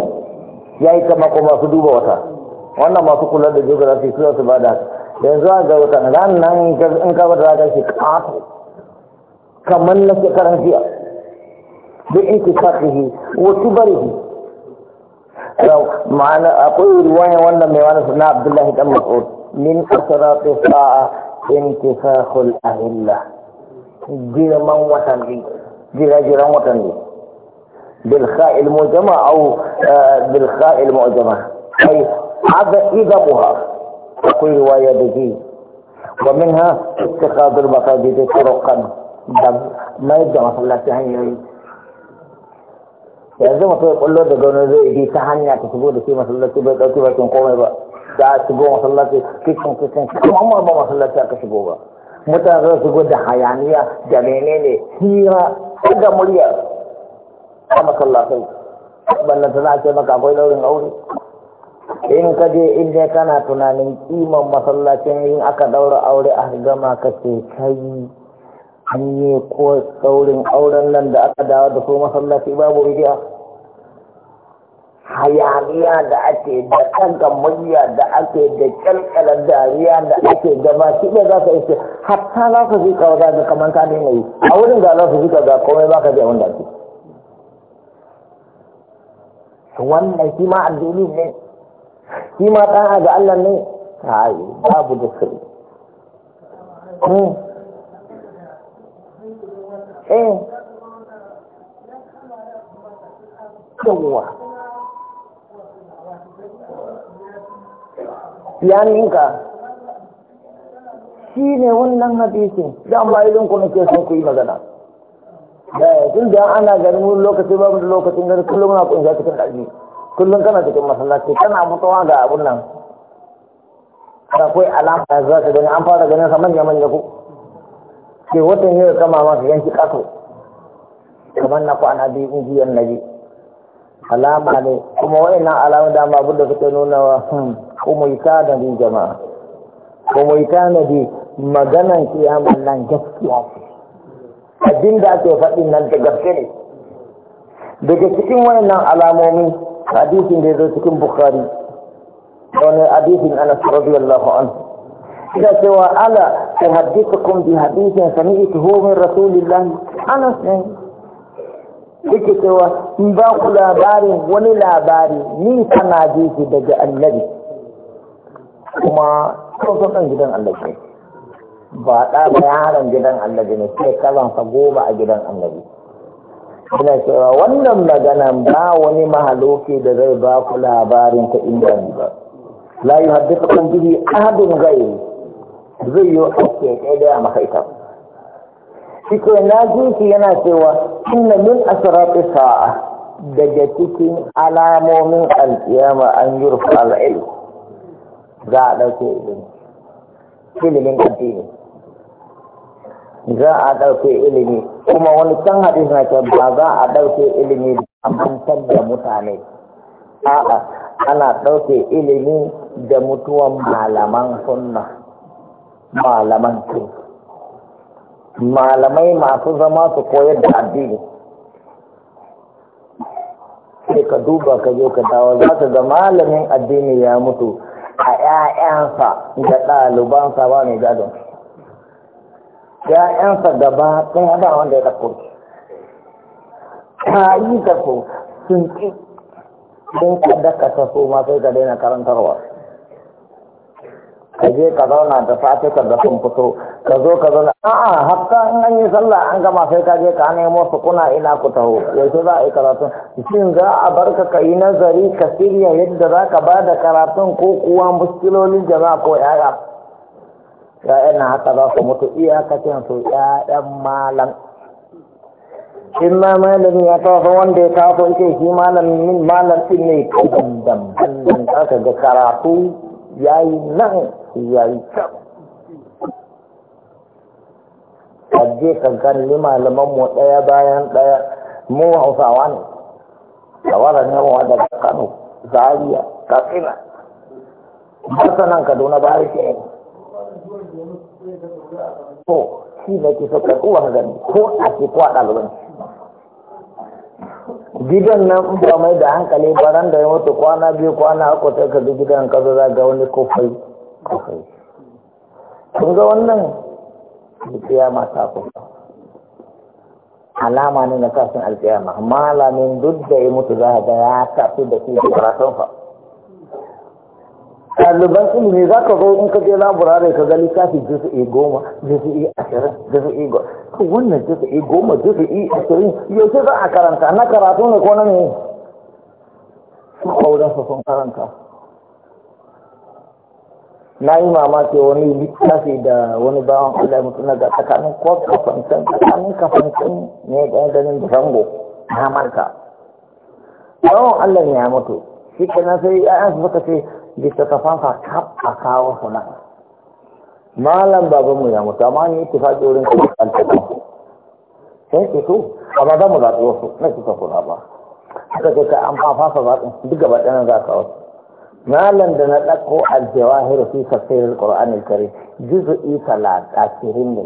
ya yi kama kuma su duba wata wannan masu kula da geography su su bada. yanzu a ga wata nan in ka bada za shi kato كمن كرهية بإنتفاقه وكبره لو معنا أقول رواية وانا ميوانا سنة عبد الله دم يقول من أسرات الساعة انتفاخ الأهلة جيرا من وطنه جيرا جيرا وطنه بالخاء المجمع أو آه، بالخاء المجمع أي هذا إذا بها أقول رواية بجي ومنها اتخاذ المساجد طرقا da mai da masallaci hanyoyi yanzu mutum ya kwallo da gano zai bi ta hanya ta shigo da shi masallaci bai ɗauki bakin komai ba da shigo masallaci kicin kicin kuma amma ba masallaci aka shigo ba mutane zai shigo da hayaniya da menene hira da murya a masallatai ballan tana ce maka akwai daurin aure in ka je in dai kana tunanin kiman masallacin yin aka daura aure a gama ka kai an yi ko saurin auren nan da aka dawo da su masallaci babu rigiya hayaniya da ake da kanka murya da ake da kyalkyalar dariya da ake gaba shi ne za ka ishe hatta za ka zika wa za kamar ka ne mai a wurin ga za su zika ga komai ba ka je wanda ake wannan shi ma addini ne shi ma ɗan ga Allah ne ta yi babu da sirri eh ya ninka shi ne wannan hadisin don ba irin ku ke son ku yi magana da eh, tun da ana ganin wani lokaci babu lokacin gani kullum na a cikin ɗaji kullum kana cikin masallaci kana mutuwa ga abun nan akwai alama za ta gani an fara ganin sa manya-manya ku ke watan yau kama maka yanki kaso kamar na kwana biyu ungiyar nabi alama ne kuma wa'annan alama da ma da suke nuna wa hmm, kuma yi tanadi jama'a kuma yi tanadi maganan kiyaman nan gaskiya ce abin da ake faɗi nan da gaske ne daga cikin nan alamomi hadisin da ya zo cikin bukhari wani hadisin anas radiyallahu anhu ita cewa ala أحدثكم بحديث سمعته من رسول الله أنا سمعت yake cewa in ba labarin wani labari ni tana ji daga annabi kuma sosan النبي gidan annabi ba ɗa ba gidan annabi ne goma a gidan ina cewa wannan magana ba wani mahaloki da zai ba ku labarin ta inda ba la yi haddisa kan bihi ahadun gairi zai yi aiki ya kai daya maka ita shi ke na jinki yana cewa inna min asirati sa'a daga cikin alamomin alƙiyama an yi rufe al'il za a ɗauke ilimi ilimin addini za a ɗauke ilimi kuma wani can hadis na ce ba za a ɗauke ilimi a mantar da mutane a'a ana ɗauke ilimi da mutuwan malaman sunna malaman su malamai masu zama su koyar da addini sai ka duba ka zo ka dawo za ka ga malamin addini ya mutu a 'ya'yansa da ɗalibansa ba mai gadon ‘ya'yansa gaba sun haɗa wanda ya ɗauko ka yi ka so sun ƙi don ka daka ta so ma sai ka daina karantarwa ka je ka zauna da safe ka ga sun fito ka zo ka zauna a'a hatta in an yi sallah an gama sai ka je ka nemo su kuna ina ku taho yaushe za a yi karatun shin za a bar ka ka yi nazari ka shirya yadda za ka ba da karatun ko kuwa muskilolin jama'a ko yaya ya'yan na haka za su mutu iyakacin su ya'yan malam in ma malami ya taso wanda ya taso ita shi malamin malam din ne ka dam ka ga karatu Yayi nan ya yi can je kankan ne malaman mu ɗaya bayan ɗaya mu hausawa ne ne wa da kano Zariya, katsina masanan kaduna ba shi ne to shi ne ke so ka kowane gani ko a ke ko gidan nan in ba mai da hankali ba ran da ya mutu kwana biyu kwana uku sai ka bi gidan ka za ga wani kofai kofai kun ga wannan alƙiyama ta ku alama ne na kasin alƙiyama malamin duk da ya mutu za ga ya tafi da shi da karatun fa ɗaliban ilimi za ka zo in ka je laburare ka ga jisa e goma e ashirin e goma wannan e goma e ashirin yaushe za a karanta na karatu ne ko na ne su kauran su sun karanta na yi mamaki wani littafi da wani bawan Allah mutum na ga tsakanin ko kafancan tsakanin kafancan ne ga ganin zango na marka bawan Allah ne ya mutu shi kenan sai ya'yansu suka ce Bisa littattafansa kaf a kawo su Malam malam mu ya mutu amma ni ittifaqi wurin kaltafa sai ce to amma za mu zaɓi wasu na kika kula ba aka ce ka an fafasa zaɓin duk gaba ɗanan za ka wasu malam da na ɗauko aljawahir fi tafsirin qur'ani kare juz'i talatin ne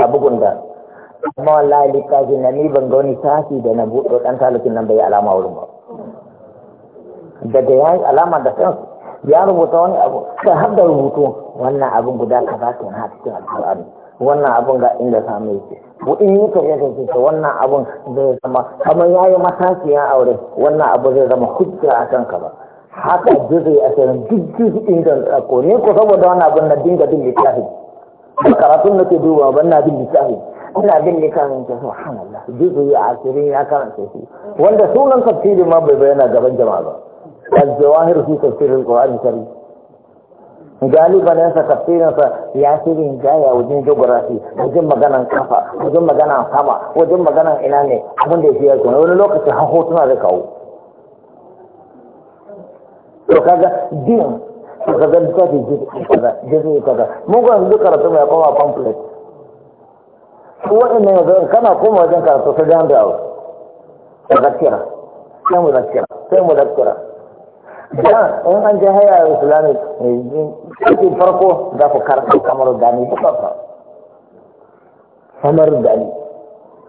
a bugun da amma wallahi littafi na ni ban ga wani tashi da na buɗe ɗan talakin nan bai alama wurin ba ya yi alama da fensu. ya rubuta wani abu ka har da rubutu wannan abin guda ka za ka har cikin alƙur'ani wannan abin ga inda samu yake ko in yi ka yake ce wannan abin zai zama kamar ya yi matakiya aure wannan abu zai zama hujja a kan ka ba haka jirai a cikin duk duk inda ko ne ko saboda wannan abin na dinga bin littafi karatun ke duba ban na bin littafi ina bin littafin ta subhanallah jirai a cikin ya karanta shi wanda sunan tafsiri ma bai bayyana gaban jama'a ba والجواهر في تفسير القرآن الكريم قالوا بنا سكتينا سياسرين جايا ودين جو براسي ودين مغانا كفا ودين مغانا سما ودين مغانا إلاني أمون دي فيها كنا ولو لوك تحوطنا ذكاو وكذا دين وكذا لكاتي جزي كذا موقع هندو كرتم يقوم بامبلت هو إن يزور كما قوم وزن كرتو سجان داو تذكرة كم تذكرة كم تذكرة in an je haya islamic cikin farko za ku karanta kamar gani duka fa kamar gani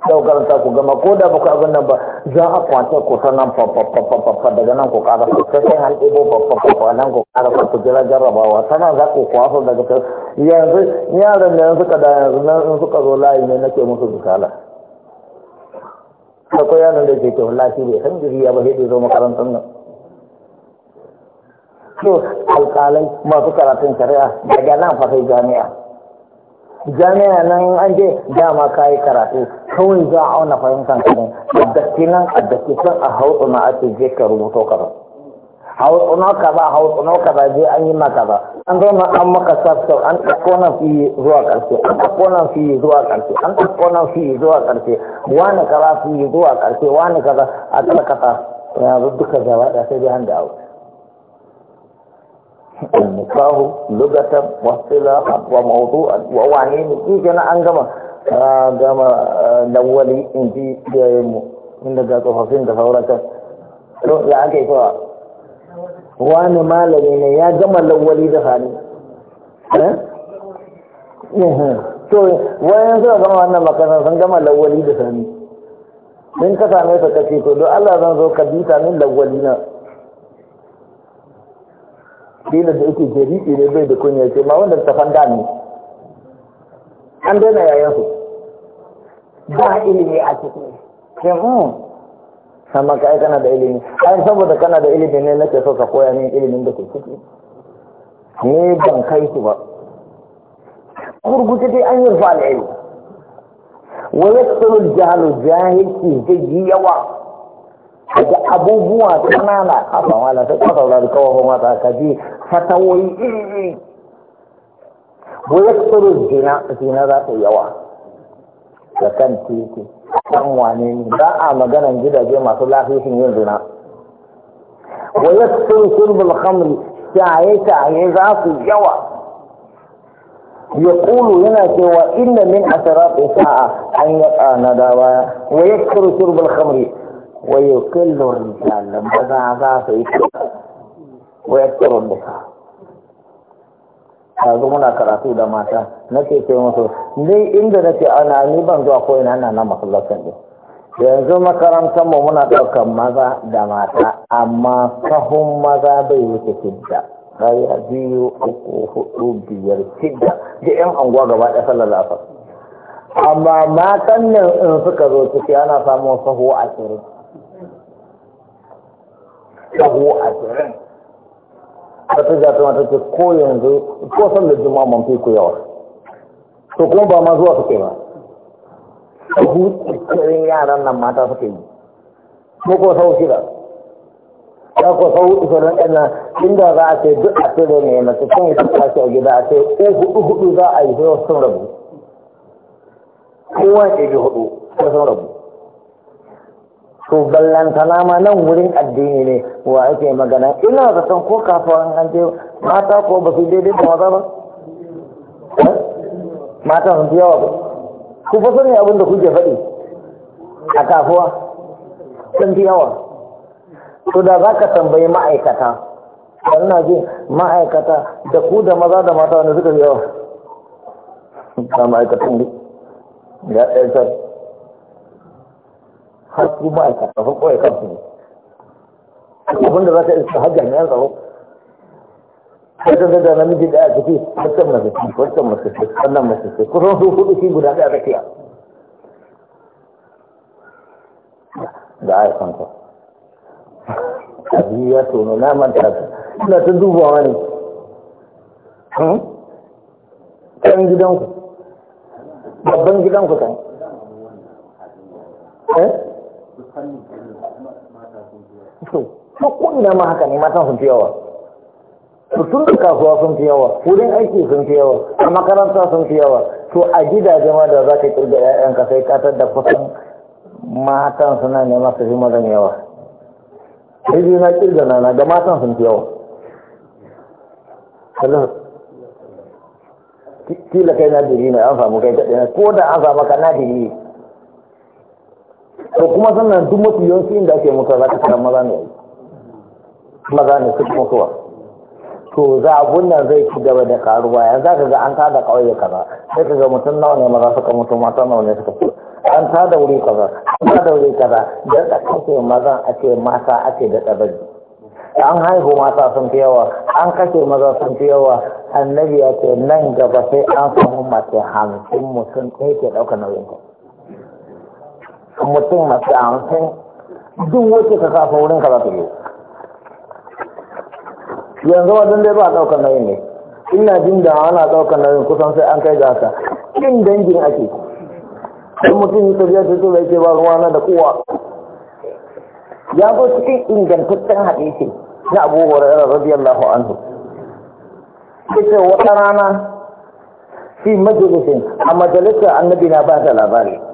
sau karanta ku gama ko da ba ku abin nan ba za a kwanta ku ta nan fafafafafa daga nan ku ku ta sai an ɗebo fafafafa nan ku kara ku ku jira jarrabawa sana za ku kwaso daga ta yanzu yaran da yanzu ka da yanzu nan suka zo layi ne nake musu misala akwai yaran da ke ke wallahi bai san jiriya ba sai zo makarantar nan ko alƙalai masu karatun shari'a daga nan fa sai jami'a jami'a nan an je dama ka yi karatu kawai za a auna fahimtar ka ne addaki nan addaki sun a hautsu na ake je ka rubuto ka ba hautsu na ka ba hautsu na ka ba je an yi maka ba an ma an maka sassau an ɗauko nan fiye zuwa ƙarshe an ɗauko nan fiye zuwa ƙarshe an ɗauko nan fiye zuwa ƙarshe wani kaza fiye zuwa ƙarshe wani ba a ƙarƙata yanzu duka gaba ɗaya sai dai hand out النكاه Gama واصطلاحا وموضوعا ووانين إيجنا أنجما أنجما نولي إنتي جايمو من دقاء تفاصيل تصورك ya ake فوا wani malami ne ya gama lawali da hali to wayan suka gama wannan makasan sun gama lawali da sani in ka same su kace to don Allah zan zo ka bita min lawali na dina da yake jariki ne bai da kunya ce ma wanda tafan da ne an daina yayan su ba ilimi a ciki ce mu hmm, sama ka ai kana da ilimi ai saboda kana da ilimi ne nake so ka koya min ilimin da ke ciki ne ban kai su ba kurguce dai an yi fa'alai wa yaktaru jahalu jahilci zai yi yawa da abubuwa ƙanana haka wala ta ka saurari kawo mata ka ji ويكثر الزنا الزنا ذات يوا آه، ويكثر شرب الخمر يقول هنا سوى إن من أسرار إساءة أن يبقى ندابا ويكثر شرب الخمر ويكل الرجال لما ذا ذات يوا ka a yanzu muna karatu da mata na ke ce musu ni inda na ce ana ni ban zuwa ko ina na masallacin ne yanzu makarantar mu muna daukan maza da mata amma kahun maza bai wuce shidda ɗaya biyu uku hudu biyar shidda da yan anguwa gaba ɗaya sallar asar amma matan nan in suka zo ciki ana samun sahu ashirin sahu ashirin ta ta ja tana take ko yanzu ko san da juma mun fi ku yawa to kuma ba ma zuwa suke ba ta hutsarin yaran nan mata suke yi ko ko sau shida ya ko sau ishirin ɗin nan inda za a ce duk a cire ne na cikin ita tashi a gida a ce ko hudu hudu za a yi sai wasu sun rabu kowa ya ke hudu sai sun rabu to ballantana ma nan wurin addini ne wa ake magana ina san ko kafin an je mata ko ba su daidai da maza ba eh? mata sun fi yawa ba ku fa sani abin da kuke faɗi a kafuwa sun fi yawa to da za ka tambayi ma'aikata wannan ji ma'aikata da ku da maza da mata wanda suka fi yawa ba ma'aikatan ne ya ɗaya har su ma'aikata sun ɓoye kansu ne abin da za ka hajjar har yan tsaro sai wajen da namiji da ya tafi wancan masu wancan masu wannan masu kusan su hudu shi guda ɗaya tsakiya da a yi ka abi ya tono na manta su ina ta dubawa wani hmm? kan gidanku babban gidanku kan eh to ko ina ma haka ne matan sun fi yawa to tun da kasuwa sun fi yawa wurin aiki sun fi yawa a makaranta sun fi yawa to a gidaje ma da za ka kirga 'ya'yanka sai katar da kusan matan suna nema su fi mazan yawa sai na kirga na ga matan sun fi yawa kila kai na diri ne an samu kai kaɗai ko da an samu ka na diri to kuma sannan duk mafi yawanci inda ake mutuwa za ka kira maza ne maza ne su mutuwa to za a nan zai ci gaba da karuwa yanzu za ka ga an tada ƙauye kaza sai ka ga mutum nawa ne maza suka mutu mata nawa ne suka fi an tada wuri kaza an tada wuri kaza da kashe maza ake mata ake da tsabari an haihu mata sun fi yawa an kashe maza sun fi yawa annabi ya ce nan gaba sai an samu mace hamsin mutum ɗaya ke ɗauka nauyin ta mutum masu hamsin duk wacce ka kafa wurin ka za ta biyu yanzu wajen dai ba a ɗaukar nauyin ne ina jin da ana ɗaukar nauyin kusan sai an kai gasa jin dangin ake in mutum yi tafiya ta tura yake ba ruwa na da kowa ya zo cikin ingantaccen hadisi na abu hurairah radiyallahu anhu ce wata rana fi majalisin a majalisar annabi na ba ta labari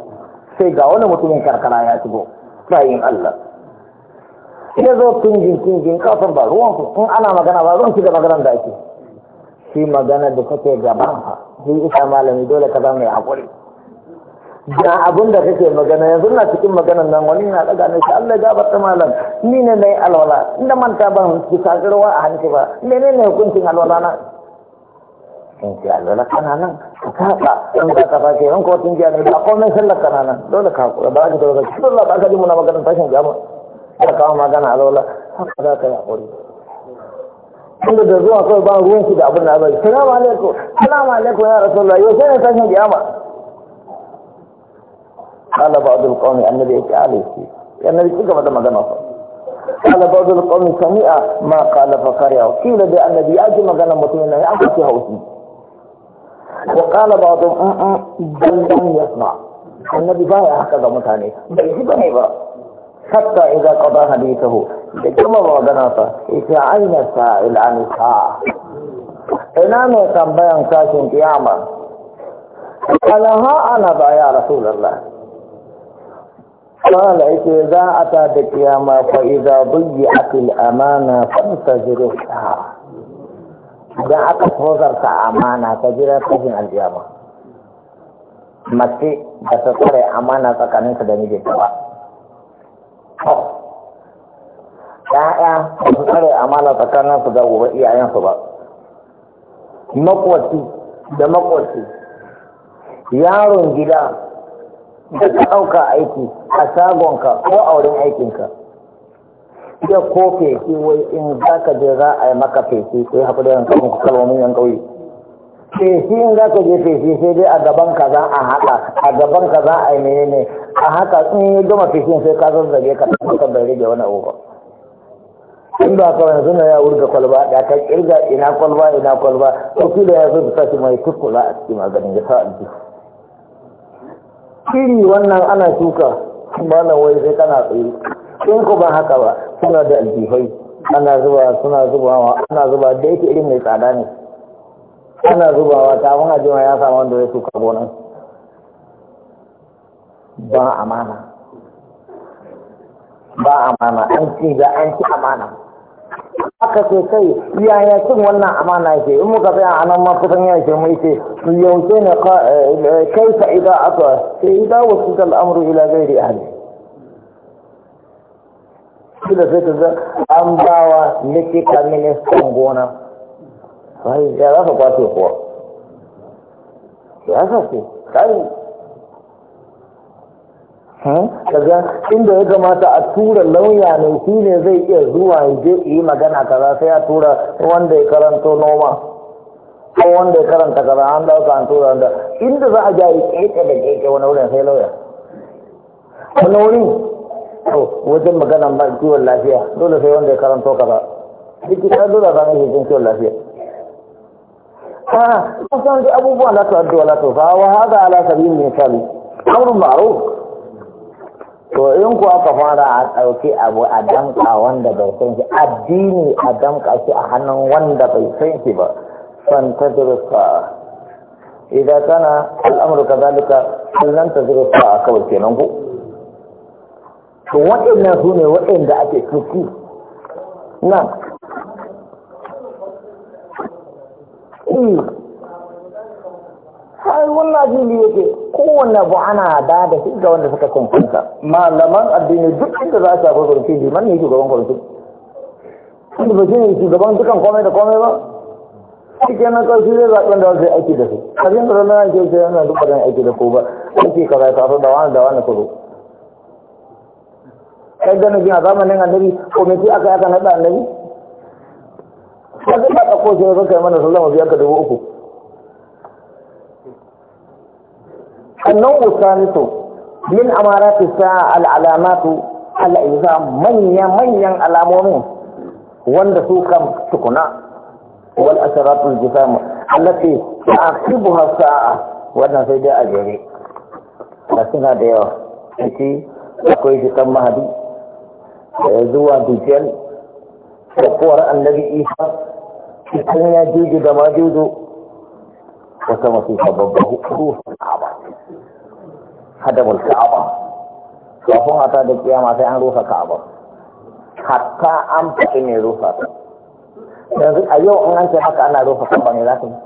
sai ga wani mutumin karkara ya shigo bayin Allah ya zo kingin kingin kafin ba ruwan su in ana magana ba zan shiga da maganar da ake shi magana da kake gaban ka shi isa malami dole ka zama mai hakuri da abun da kake magana yanzu na cikin maganar nan wani na daga ne shi Allah ya ta malam ni ne nayi alwala inda manta ban ki sagarwa a hanci ba menene hukuncin alwala na tinkiya lola kananan ka saba in za ka fashe in ko tinkiya ne ba komai sallar kananan dole ka hakura ba ka dole ka ci dole ba ka ji muna maganar tashin kyamu ka kawo magana a lola haka za ka yi hakuri tunda da zuwa kawai ba ruwan shi da abin da bai salamu alaikum salamu alaikum ya rasulullah yau sai ne tashin kiyama qala ba'dul qawmi annabi yake alaihi annabi ki gaba da magana fa قال بعض القوم سمع ما قال فقرأ قيل بأن النبي أجمع كان متمنى أن تكون وقال بعضهم أه بل لم يسمع النبي بايع هكذا متاني بل بني با حتى إذا قضى حديثه لكما وغناطة إذا عين سائل عن الساعة إنا ميتم بيان كاشن قياما قال ها أنا با يا رسول الله قال إذا أتى بقيامة فإذا ضيعت الأمانة فانتظروا الساعة idan aka tozarta amana ta jira tashin aljiyama mace da ta tsare amana tsakaninta da mijinta ba ya'ya ba su tsare amana tsakaninsu da uba iyayensu ba makwaci da makwaci yaron gida da ka ɗauka aiki a shagonka ko a wurin aikinka ya ko feke wai in za ka je za a yi maka feke sai ya da yanka muku kalmomin yan wai. feke in za ka je feke sai dai a gaban ka za a haɗa a gaban ka za a yi menene a haka in yi gama feken sai ka zazzage ka tabbatar bai rage wani abu ba in ba ka yanzu na ya wurga kwalba da ka kirga ina kwalba ina kwalba to da ya zo da shi mai kuskula a cikin maganin ya sa aji. iri wannan ana shuka na wai sai kana tsaye in ku ba haka ba suna da aljihai ana zuba suna zubawa ana zuba da yake irin mai tsada ne ana zubawa ta mun ajima ya samu wanda ya suka gonan ba amana ba amana an ci ga an ci amana aka ce kai yaya cin wannan amana ke in muka tsaya a nan ma kusan ya ce mai ce yauce ne eh, eh, kai fa idan aka sai idan wasu al'amuru ila gairi ahli da sai ta ga an bawa likita ministan gona wani ya za ka kwace kuwa ya za ku kai kaga inda ya kamata a tura lauya ne shi ne zai iya zuwa ya je yi magana kaza sai a tura wanda ya karanto noma ko wanda ya karanta kaza an dauka an tura wanda inda za a ja yi keke da keke wani wurin sai lauya wani wurin to wajen magana ba kiwon lafiya dole sai wanda ya karanto ka ba duk ta dole ba ne cikin kiwon lafiya ah san da abubuwa na to addu'a la to fa wa hada ala sabil misali amrun ma'ruf to in ku aka fara a dauke abu a danka wanda bai san shi addini a danka shi a hannun wanda bai san shi ba san tadrusa idan kana al'amru kadhalika lan tadrusa kawai kenan ku to waɗannan su ne waɗanda ake cuki nan har wannan jili yake kowane abu ana da da shi ga wanda suka kumfanta malaman addini duk inda za su akwai kwarfi man ne shugaban kwarfi inda ba shi ne dukan komai da komai ba shi ke nan kawai shi zai zaɓen da wasu aiki da su a cikin da zama na yana duk ba aiki da ko ba aiki kaza ya taso da wani da wani kuro kai ganin jin a zamanin annabi komiti aka yaka naɗa annabi ka zai ba ko shi ne kai mana sallama biyar ka dubu uku annan usanto min amarati sa'a al'alamatu ala'iza manya manyan alamomin wanda su kan tukuna wal asaratul jisamu allati ta'qibuha sa'a wannan sai dai a jere da suna da yawa kace akwai jikan mahadi zuwa da sakowar annabi isa cikin ya jeji da ma jojo wata masu babban hukuru ka'aba a ka'aba kafin hata da kiyama sai an rusa ka'aba hatta an faɗi mai rusa yanzu a yau an an ce haka ana rusa ka'aba ne za ka yi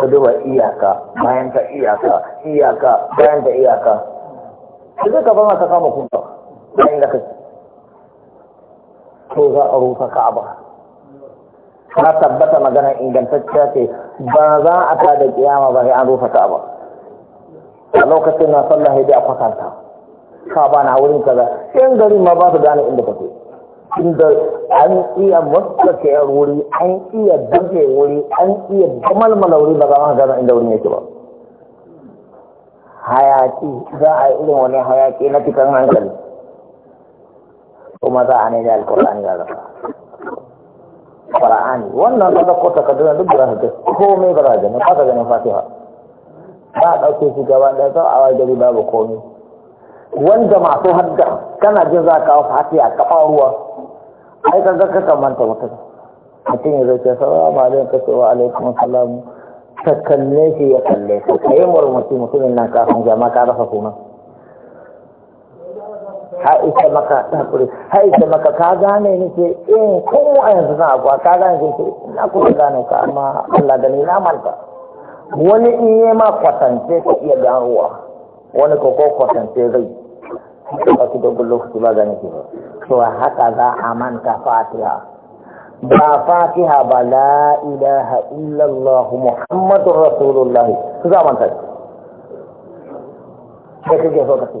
ka duba iyaka bayan ta iyaka iyaka bayan ta iyaka zai ka ba masa kama kuma da inda to za a rufa ka'aba na tabbata magana ingantacciya ce ba za a ta da kiyama ba sai an rufa ka'aba a lokacin na sallah sai a kwatanta ka'aba na wurin kaza yan gari ma ba su gane inda kake inda an iya matsake wuri an iya dafe wuri an iya damalmala wuri ba za a gane inda wurin yake ba hayaki za a yi irin wani hayaki na fitan hankali kuma za a ne da alkur'ani ya zama Qur'ani wannan ta ka ta kaduna duk da haka komai ba za ka gani ba ganin Fatiha ba ɗauke shi gaba ɗaya sau a wai gari babu komai wanda masu hadda kana jin za ka Fatiha kafa ruwa ai ka zaka ka kamanta mutum mutum ya zai ce ba alaikum ka wa alaikum salam ta kalle shi ya kalle ka yi murmushi mutumin nan kafin jama'a ka rasa sunan ha isa maka takuri ha isa maka ka gane ni ce eh ko a yanzu na kuwa ka gane ni ce na kuma gane ka amma Allah da ni na manta wani in yi ma kwatance ka iya ganowa wani ko ko kwatance zai ba su dogon lokaci ba gane ke ba to haka za a manta fatiha ba fatiha ba la ilaha illallah muhammadur rasulullahi su za manta ka da kake so ka ce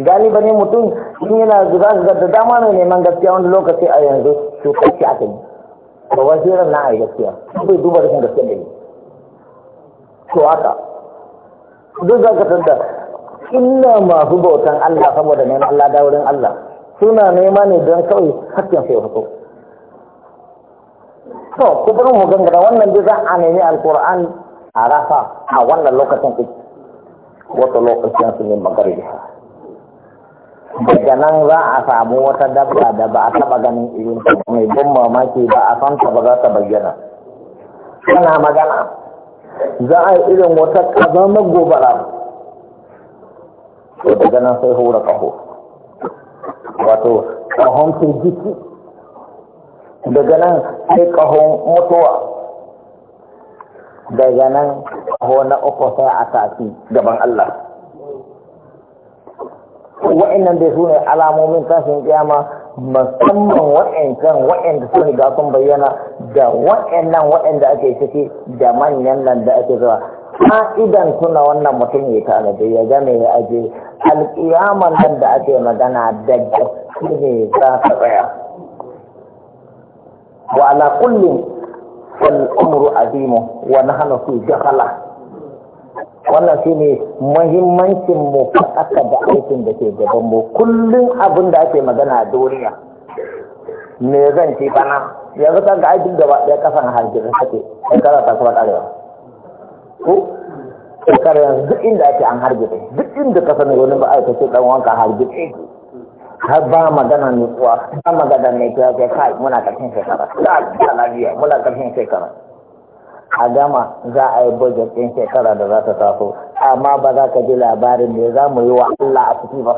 galiba ne mutum in yana zuba zuba da dama mai neman gaskiya wani lokaci a yanzu to kashi aka ne ba wasu na a yi gaskiya bai duba rashin gaskiya da yi to haka duk za ka tattar ina masu bautan Allah saboda neman Allah da wurin Allah suna nema ne don kawai hakkin sai hoto to ku bari mu gangara wannan duk za a nemi alquran a rafa a wannan lokacin ku wata lokacin su yi magariba daga nan za a samu wata dabba da ba a taba ganin irin ta mai ban mamaki ba a san ta ba za ta bayyana ana magana za a yi irin wata kazamar gobara to daga nan sai hura kaho wato kahon firgiti daga nan sai kahon mutuwa daga nan kaho na uku sai a tafi gaban Allah wa'annan dai su ne alamomin tashin kiyama musamman wa'ancan wa'anda su ne ga bayyana da wa'annan wa'anda ake ciki da manyan nan da ake zuwa fa'idan tuna wannan mutum ya tanadi ya gane ya aje Alkiyama nan da ake magana da gaske ne za ta tsaya wa ala kullum wal umru azimu wa nahnu fi jahala wannan shi ne muhimmancin mu faɗaka da aikin da ke gaban mu kullum abin da ake magana a duniya me zan ci bana yanzu ka ga aikin gaba ɗaya kasan hargitsa take shekara ta kuma ƙarewa ko shekara yanzu duk inda ake an hargitsa duk inda ka sani wani ba aika ce ɗan wanka hargitsa har ba magana nutsuwa ba magana ne ta kai muna ƙarshen shekara ta lafiya muna ƙarshen shekara a gama za a yi budget ɗin shekara da za ta taso amma ba za ka ji labarin da za mu yi wa Allah a ciki ba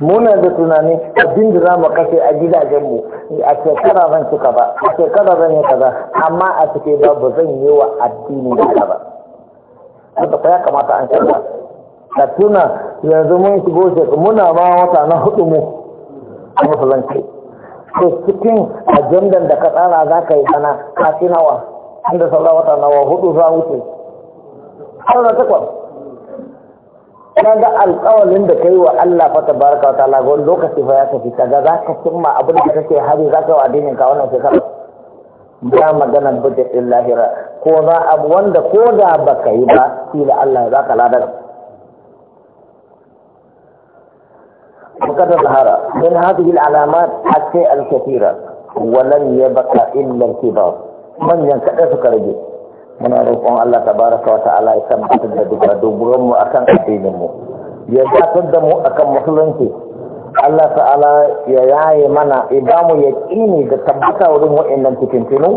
muna da tunani abin da za mu kashe a gidajenmu a shekara zan cika ba a shekara zan yi kaza amma a cike ba zan yi wa addini kaza ba wanda ya kamata an shirya ka tuna yanzu mun shigo shekara muna ma wata na hudu mu a musulunci to cikin ajandan da ka tsara za ka yi bana kafi nawa inda sallah wata nawa hudu za wuce har da takwas kaga alƙawalin da kai wa Allah fa tabaraka wa ta'ala gon lokaci fa ya tafi kaga za ka cimma abin da kake hari za ka yi addinin ka wannan shekara ba magana budget din lahira ko za abu wanda ko da baka yi ba shi da Allah za ka ladar وقد ظهر من هذه العلامات الشيء الكثيرة ولن يبقى إلا الكبار من ينكتفك رجل من رفعه الله تبارك وتعالى يسمى تدبر دبرم أكن أدينه يجا تدم أكن مسلمتي Allah ta'ala ya yaye mana idamu ya ƙini da tabbata wurin wa'annan cikintinu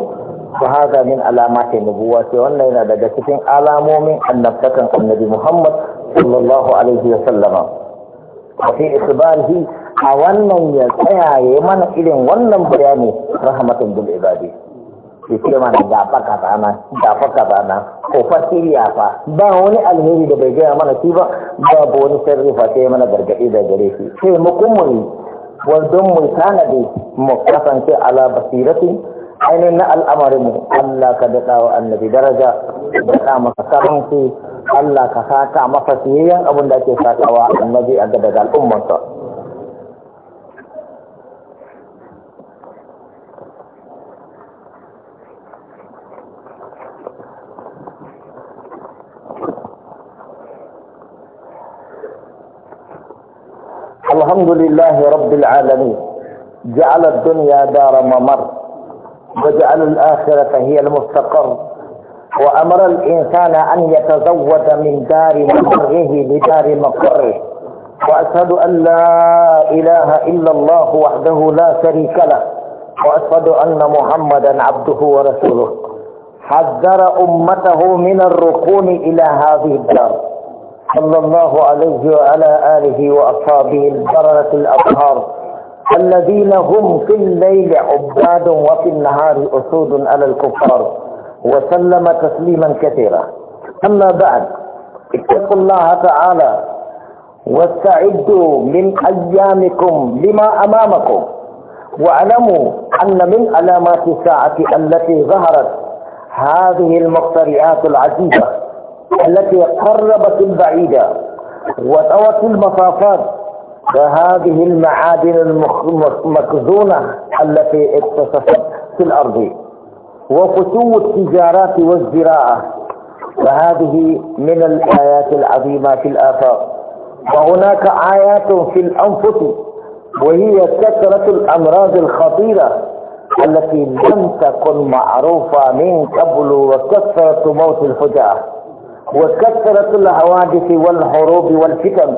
su haza min alamatin nubuwa sai wannan yana daga cikin alamomin annabtakan annabi Muhammad sallallahu alaihi wa sallama fi isbarihi a wannan ya tsaya ya mana irin wannan bayani rahmatun bil ibadi ke ce mana gafa kazana gafa kazana ko fasiriya fa ba wani alheri da bai gaya mana shi ba ba wani sirri fa sai mana gargaɗi da gare shi sai mu kuma mu mu tanadi mu kasance ala basiratin ainihin na al'amarin Allah ka daɗa wa annabi daraja daɗa masa karanci Allah ka saka masa siyayyan abin da ake sakawa annabi a gaba da al'ummarsa الحمد لله رب العالمين جعل الدنيا دار ممر وجعل الآخرة هي المستقر وأمر الإنسان أن يتزود من دار مقره لدار مقره وأشهد أن لا إله إلا الله وحده لا شريك له وأشهد أن محمدا عبده ورسوله حذر أمته من الركون إلى هذه الدار صلى الله عليه وعلى آله وأصحابه البررة الأبهار الذين هم في الليل عباد وفي النهار أسود على الكفار وسلم تسليما كثيرا أما بعد اتقوا الله تعالى واستعدوا من أيامكم لما أمامكم واعلموا أن من علامات الساعة التي ظهرت هذه المخترعات العجيبة التي قربت البعيدة وطوت المصافات فهذه المعادن المخزونة التي اكتشفت في الأرض وفتو التجارات والزراعة فهذه من الآيات العظيمة في الآفاق وهناك آيات في الأنفس وهي كثرة الأمراض الخطيرة التي لم تكن معروفة من قبل وكثرة موت الفجأة وكثرة الحوادث والحروب والفتن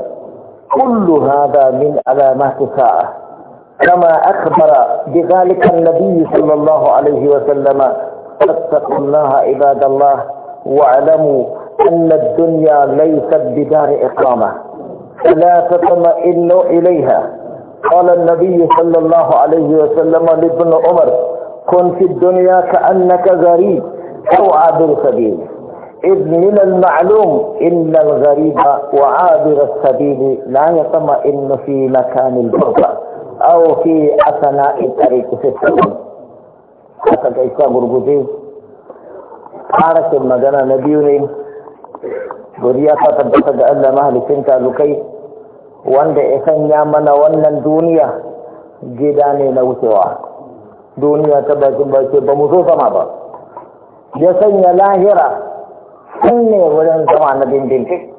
كل هذا من علامات الساعة كما أخبر بذلك النبي صلى الله عليه وسلم فاتقوا الله عباد الله واعلموا أن الدنيا ليست بدار إقامة فلا تطمئنوا إليها قال النبي صلى الله عليه وسلم لابن عمر كن في الدنيا كأنك غريب أو عابر سبيل إذ من المعلوم إن الغريب وعابر السبيل لا يطمئن في مكان البرده aw fi asana'i tariqi fi aka kai ka gurguje farakin magana na biyu ne godiya ta tabbata ga Allah mahalicin talukai wanda ya sanya mana wannan duniya gida ne na wucewa duniya ta bakin baki ba mu so sama ba ya sanya lahira sun ne wurin zama na dindindin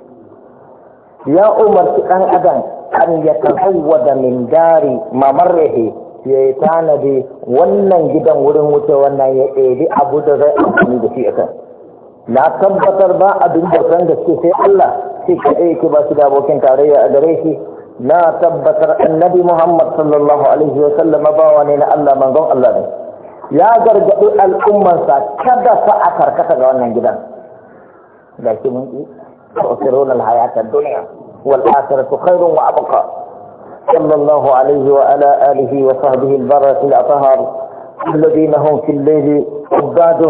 ya umarci ɗan adam an ya tazawwada min dari mamarrihi ya yi tanadi wannan gidan wurin wuce wannan ya ɗebi abu da zai amfani da shi akan. na tabbatar ba abin bautan da sai Allah shi kaɗai yake ba su da abokin tarayya a gare shi na tabbatar annabi Muhammad sallallahu alaihi wa sallam bawa ne na Allah manzon Allah ne ya gargaɗi al'ummarsa kada fa a karkata ga wannan gidan da shi mun ki tsosirunan hayatar duniya والآخرة خير وأبقى صلى الله عليه وعلى آله وصحبه البرة الأطهار الذين هم في الليل عباد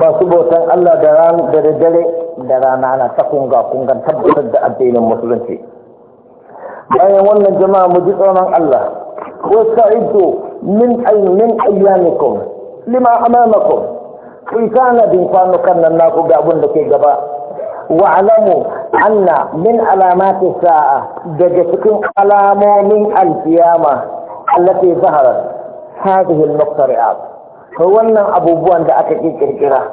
ما سبوتا ألا دران درجل دران على تقون قاقون قد تبقد أبين المسلمين ما يوانا جماعة مجدونا الله وسعيد من أي من أيامكم لما أمامكم في كان بإنسان كان الناس قابون لكي جبا wa'alamu anna min alamati sa'a daga cikin alamomin alkiyama allati zaharat hadhihi al-muqtari'at to wannan abubuwan da aka kirkira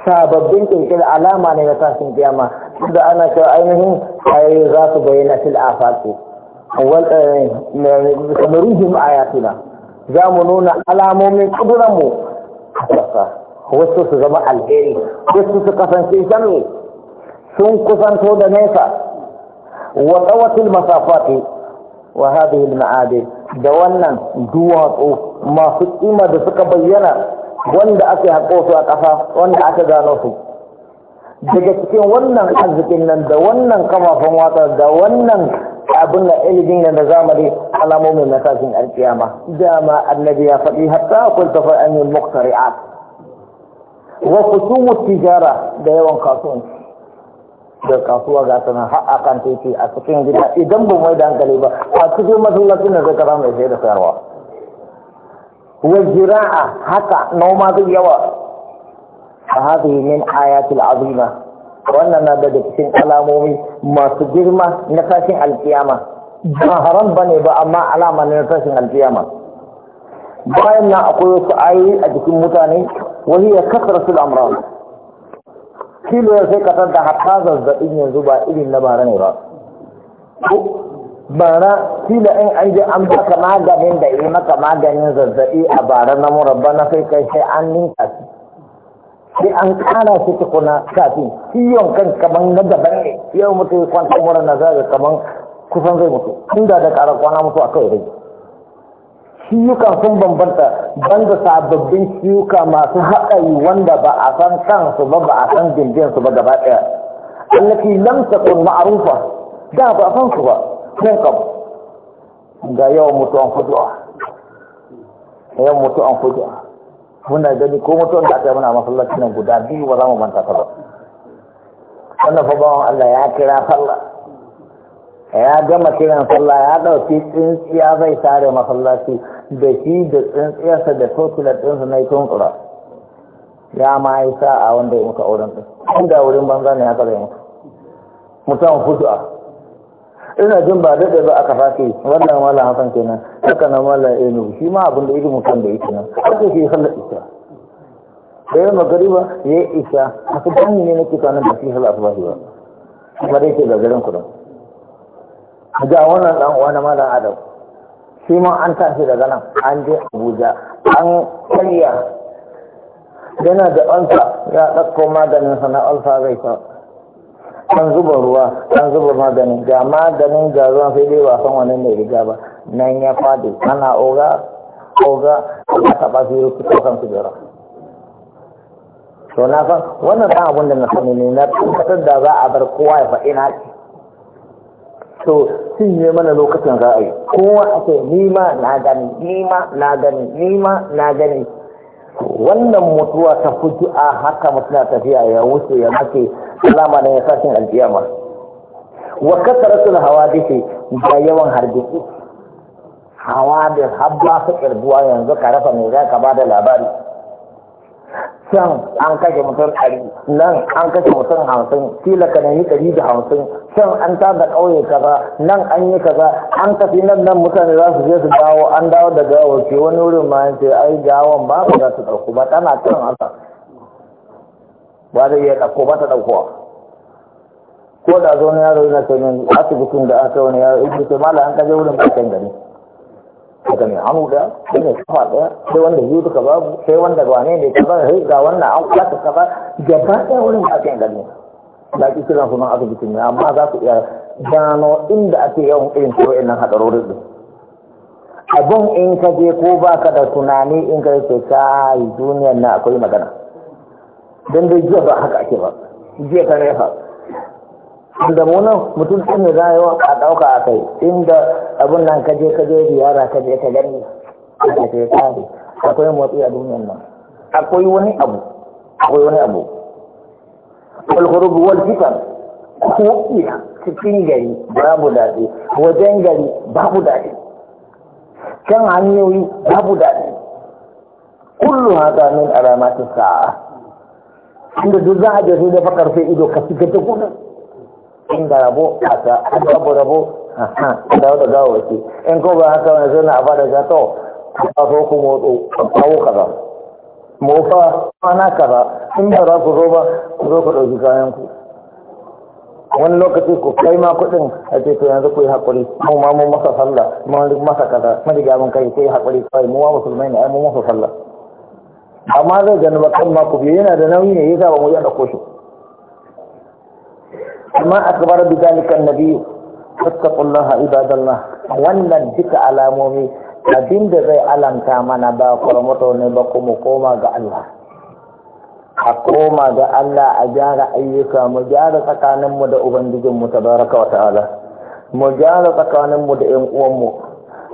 sababbin kirkira alama ne na tashin kiyama da ana cewa ainihin ai za su bayyana fil afaqi wal samaruhum eh, ayatuna za mu nuna alamomin kuduranmu a wasu su zama alheri wasu su kasance sharri sun kusanto da nesa wa tsawatul masafati wa hadhihi al da wannan duwatsu masu kima da suka bayyana wanda aka haƙo su a ƙasa wanda aka gano su daga cikin wannan arzikin nan da wannan kafafen watsa da wannan abin da ilimin nan da zamani alamomin matakin alkiyama dama annabi ya faɗi hatta kun tafar an yi muktari'at wa kusumu tijara da yawan kasuwanci da kasuwa ga sanar har a kan titi a cikin gida idan ba mai da hankali ba a cikin masallacin da zai kara mai sai da sayarwa wa jira'a haka noma zai yawa a hadhihi min ayatil azima wannan na daga cikin alamomi masu girma na tashin alkiyama ba haram bane ba amma alama na tashin alkiyama bayan na akwai wasu ayoyi a jikin mutane wani ya wahiyar su amran kilo ya sai ka da hatta zazzabin yanzu ba irin na bara ne ba bara kila in an ji an baka maganin da yi maka maganin zazzabi a bara na murabba na sai kai sai an ninka shi sai an kara shi tukuna kafin kiyon kan kaman na daban ne yau mutu kwanta mura na zaga kaman kusan zai mutu inda da kara kwana mutu a kai rage ciyukan sun bambanta banda sababbin ciyuka masu haɗari wanda ba a san kansu ba ba a san gindinsu ba gaba ɗaya allati lam kun ma'arufa da ba a san su ba kun kam ga yawan mutuwan fudu'a yawan mutuwan fudu'a muna gani ko mutuwan da aka yi muna masallaci nan guda biyu ba za mu manta ta ba wannan fa bawan Allah ya kira sallah ya gama kiran sallah ya dauki tsintsiya zai tare masallaci da shi da tsintsiyarsa da da ɗinsa na yi tunkura ya ma yi sa'a wanda ya muka a wurin ɗin inda wurin banza ne ya tsara mutu mutum hudu'a ina jin ba daɗe ba a fashe wannan wala hasan kenan suka nan wala enu shi ma abin da irin mutum da yake nan haka shi sallar isa. da magari ba ya yi isha haka dan ne nake kanan da shi sallar asuba ba kuma dai ke gagarin kudin ga wannan dan wani malam adam shi ma an tashi daga nan an je abuja an karya yana da alfa ya ɗauko maganin sana alfa zai sa an zuba ruwa an zuba maganin ga maganin ga ruwan sai dai wasan wani mai riga ba nan ya fadi ana oga oga ya taɓa su yi kan jira to na san wannan ɗan abin da na sani ne na tabbatar da za a bar kowa ya faɗi na ce to cinye mana lokacin ra'ayi kowa a ce nima na gani nima na gani nima na gani wannan mutuwa ta a haka mutum tafiya ya wuce ya mace alama na ya sashin alkiyama wa hawa hawadisi da yawan hargitsi hawa da habba su kirguwa yanzu ka rasa me za ka ba da labari can an kashe mutum ɗari nan an kashe mutum hamsin kila ka nemi ɗari da hamsin can an tada ƙauye kaza nan an yi kaza an tafi nan nan mutane za su je su dawo an dawo da gawo ke wani wurin ma yace ai gawon ba ba za su ɗauko ba tana can haka ba zai iya ɗauko ba ta ɗaukowa ko da zo na yaro yana sai min asibitin da aka wani yaro ibi ce malam an kaje wurin can gani daga mai hannu da sai mai kafa ɗaya sai wanda biyu duka babu sai wanda wane ne ta bar ga wannan an kula ta kafa gaba ɗaya wurin ba gani na ki kiran sunan asibitin ne amma za ku iya gano inda ake yawan irin ko irin haɗarorin ɗin abin in ka je ko ba ka da tunani in ka ce duniya duniyar na akwai magana don dai jiya ba haka ake ba jiya ka refa inda munan mutum ɗin ne za a ɗauka a kai inda abin nan kaje kaje ziyara kaje ka gani a ke kare akwai motsi a duniyar nan akwai wani abu akwai wani abu wal hurub wal fitan ko ina cikin gari babu daɗi wajen gari babu daɗi kan hanyoyi babu daɗi kullum haka min alamatin sa'a inda duk za a je da fakar sai ido ka shiga ta ga rabo a ta an babu rabo a wata da gawawaki in ko ba haka wani zai na a bada ja a so ku motsu a kawo kaza mofa ana kaza in ba za ku zo ba ku zo ku ɗauki kayan ku wani lokaci ku kai ma kuɗin a ce to yanzu ku yi haƙuri mu ma mu masa sallah mun masa kaza mu riga mun kai ku yi haƙuri kai mu ma musulmai ne ai mu masa sallah amma zai gani ba kan ma ku biyu yana da nauyi ne ya ba mu yi a ɗauko shi amma akbar bi zalika annabi fattaqullaha ibadallah wannan duka alamomi abin da zai alamta mana ba kwarmato ne ba kuma koma ga Allah a koma ga Allah a gyara ayyuka mu gyara tsakaninmu da ubangijinmu tabaraka wa ta'ala mu gyara tsakaninmu da ƴan uwanmu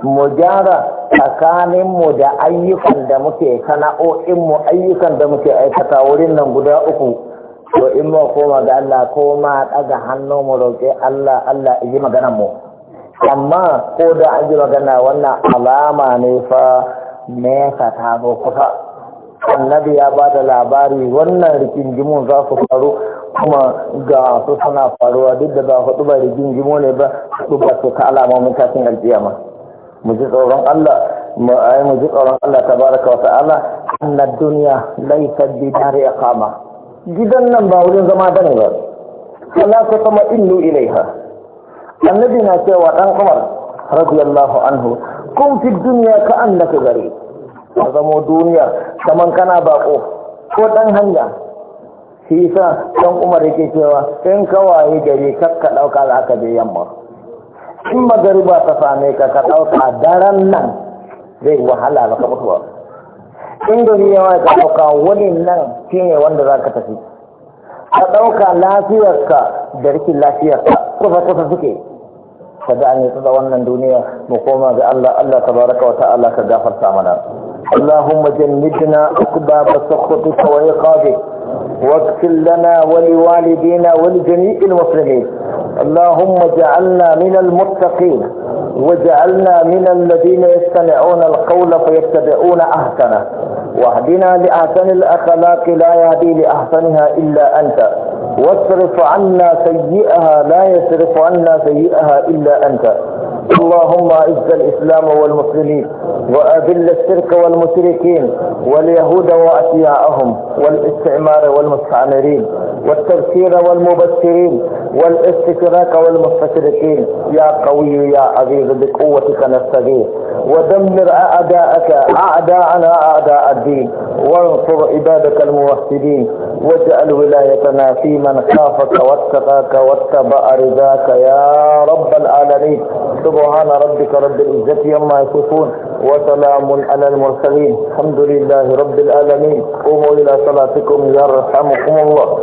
mu gyara tsakaninmu da ayyukan da muke sana'o'inmu ayyukan da muke aikata wurin nan guda uku to in ba koma ga Allah ko ma daga hannu mu roƙe Allah Allah yi magana mu amma ko da an magana wannan alama ne fa ka ta zo kusa annabi ya ba da labari wannan rikin rikingimun za su faru kuma ga su suna faruwa duk da ba hudu ba jimu ne ba hudu ba su ta alamomin tashin alkiyama mu ji tsoron Allah mu ai mu ji tsoron Allah tabaraka wa ta'ala annad dunya laysa bi dar iqama gidan nan ba wurin zama bane ba Allah ko kuma illu ilaiha annabi na cewa dan Umar radiyallahu anhu kun fi duniya ka annaka gari ka zamo duniya kaman kana bako ko dan hanya shi yasa dan Umar yake cewa in ka waye gari kakka dauka za ka je yamma in magariba ta same ka ka dauka daren nan zai wahala da ka mutuwa ni yawa ya ɗauka wani nan shi ne wanda za ka tafi ka ɗauka lafiyarka da rikin lafiyarka kusa kusa suke ka da an yi tsada wannan duniya mu koma ga Allah Allah ta baraka wa ta'ala ka gafarta mana اللهم جنبنا أسباب سخطك kawai. واغفر لنا ولوالدينا ولجميع المسلمين اللهم اجعلنا من المتقين واجعلنا من الذين يستمعون القول فيتبعون احسنه واهدنا لاحسن الاخلاق لا يهدي لاحسنها الا انت واصرف عنا سيئها لا يصرف عنا سيئها الا انت اللهم اعز الاسلام والمسلمين واذل الشرك والمشركين واليهود واشياءهم والاستعمار والمستعمرين والتبشير والمبشرين والاستشراك والمستشركين يا قوي يا عزيز بقوتك نستغيث ودمر اعداءك اعداءنا اعداء الدين وانصر عبادك الموحدين واجعل ولايتنا في من خافك واتقاك واتبع رضاك يا رب العالمين سبحان ربك رب العزة يما يصفون وسلام على المرسلين الحمد لله رب العالمين قوموا إلى صلاتكم يرحمكم الله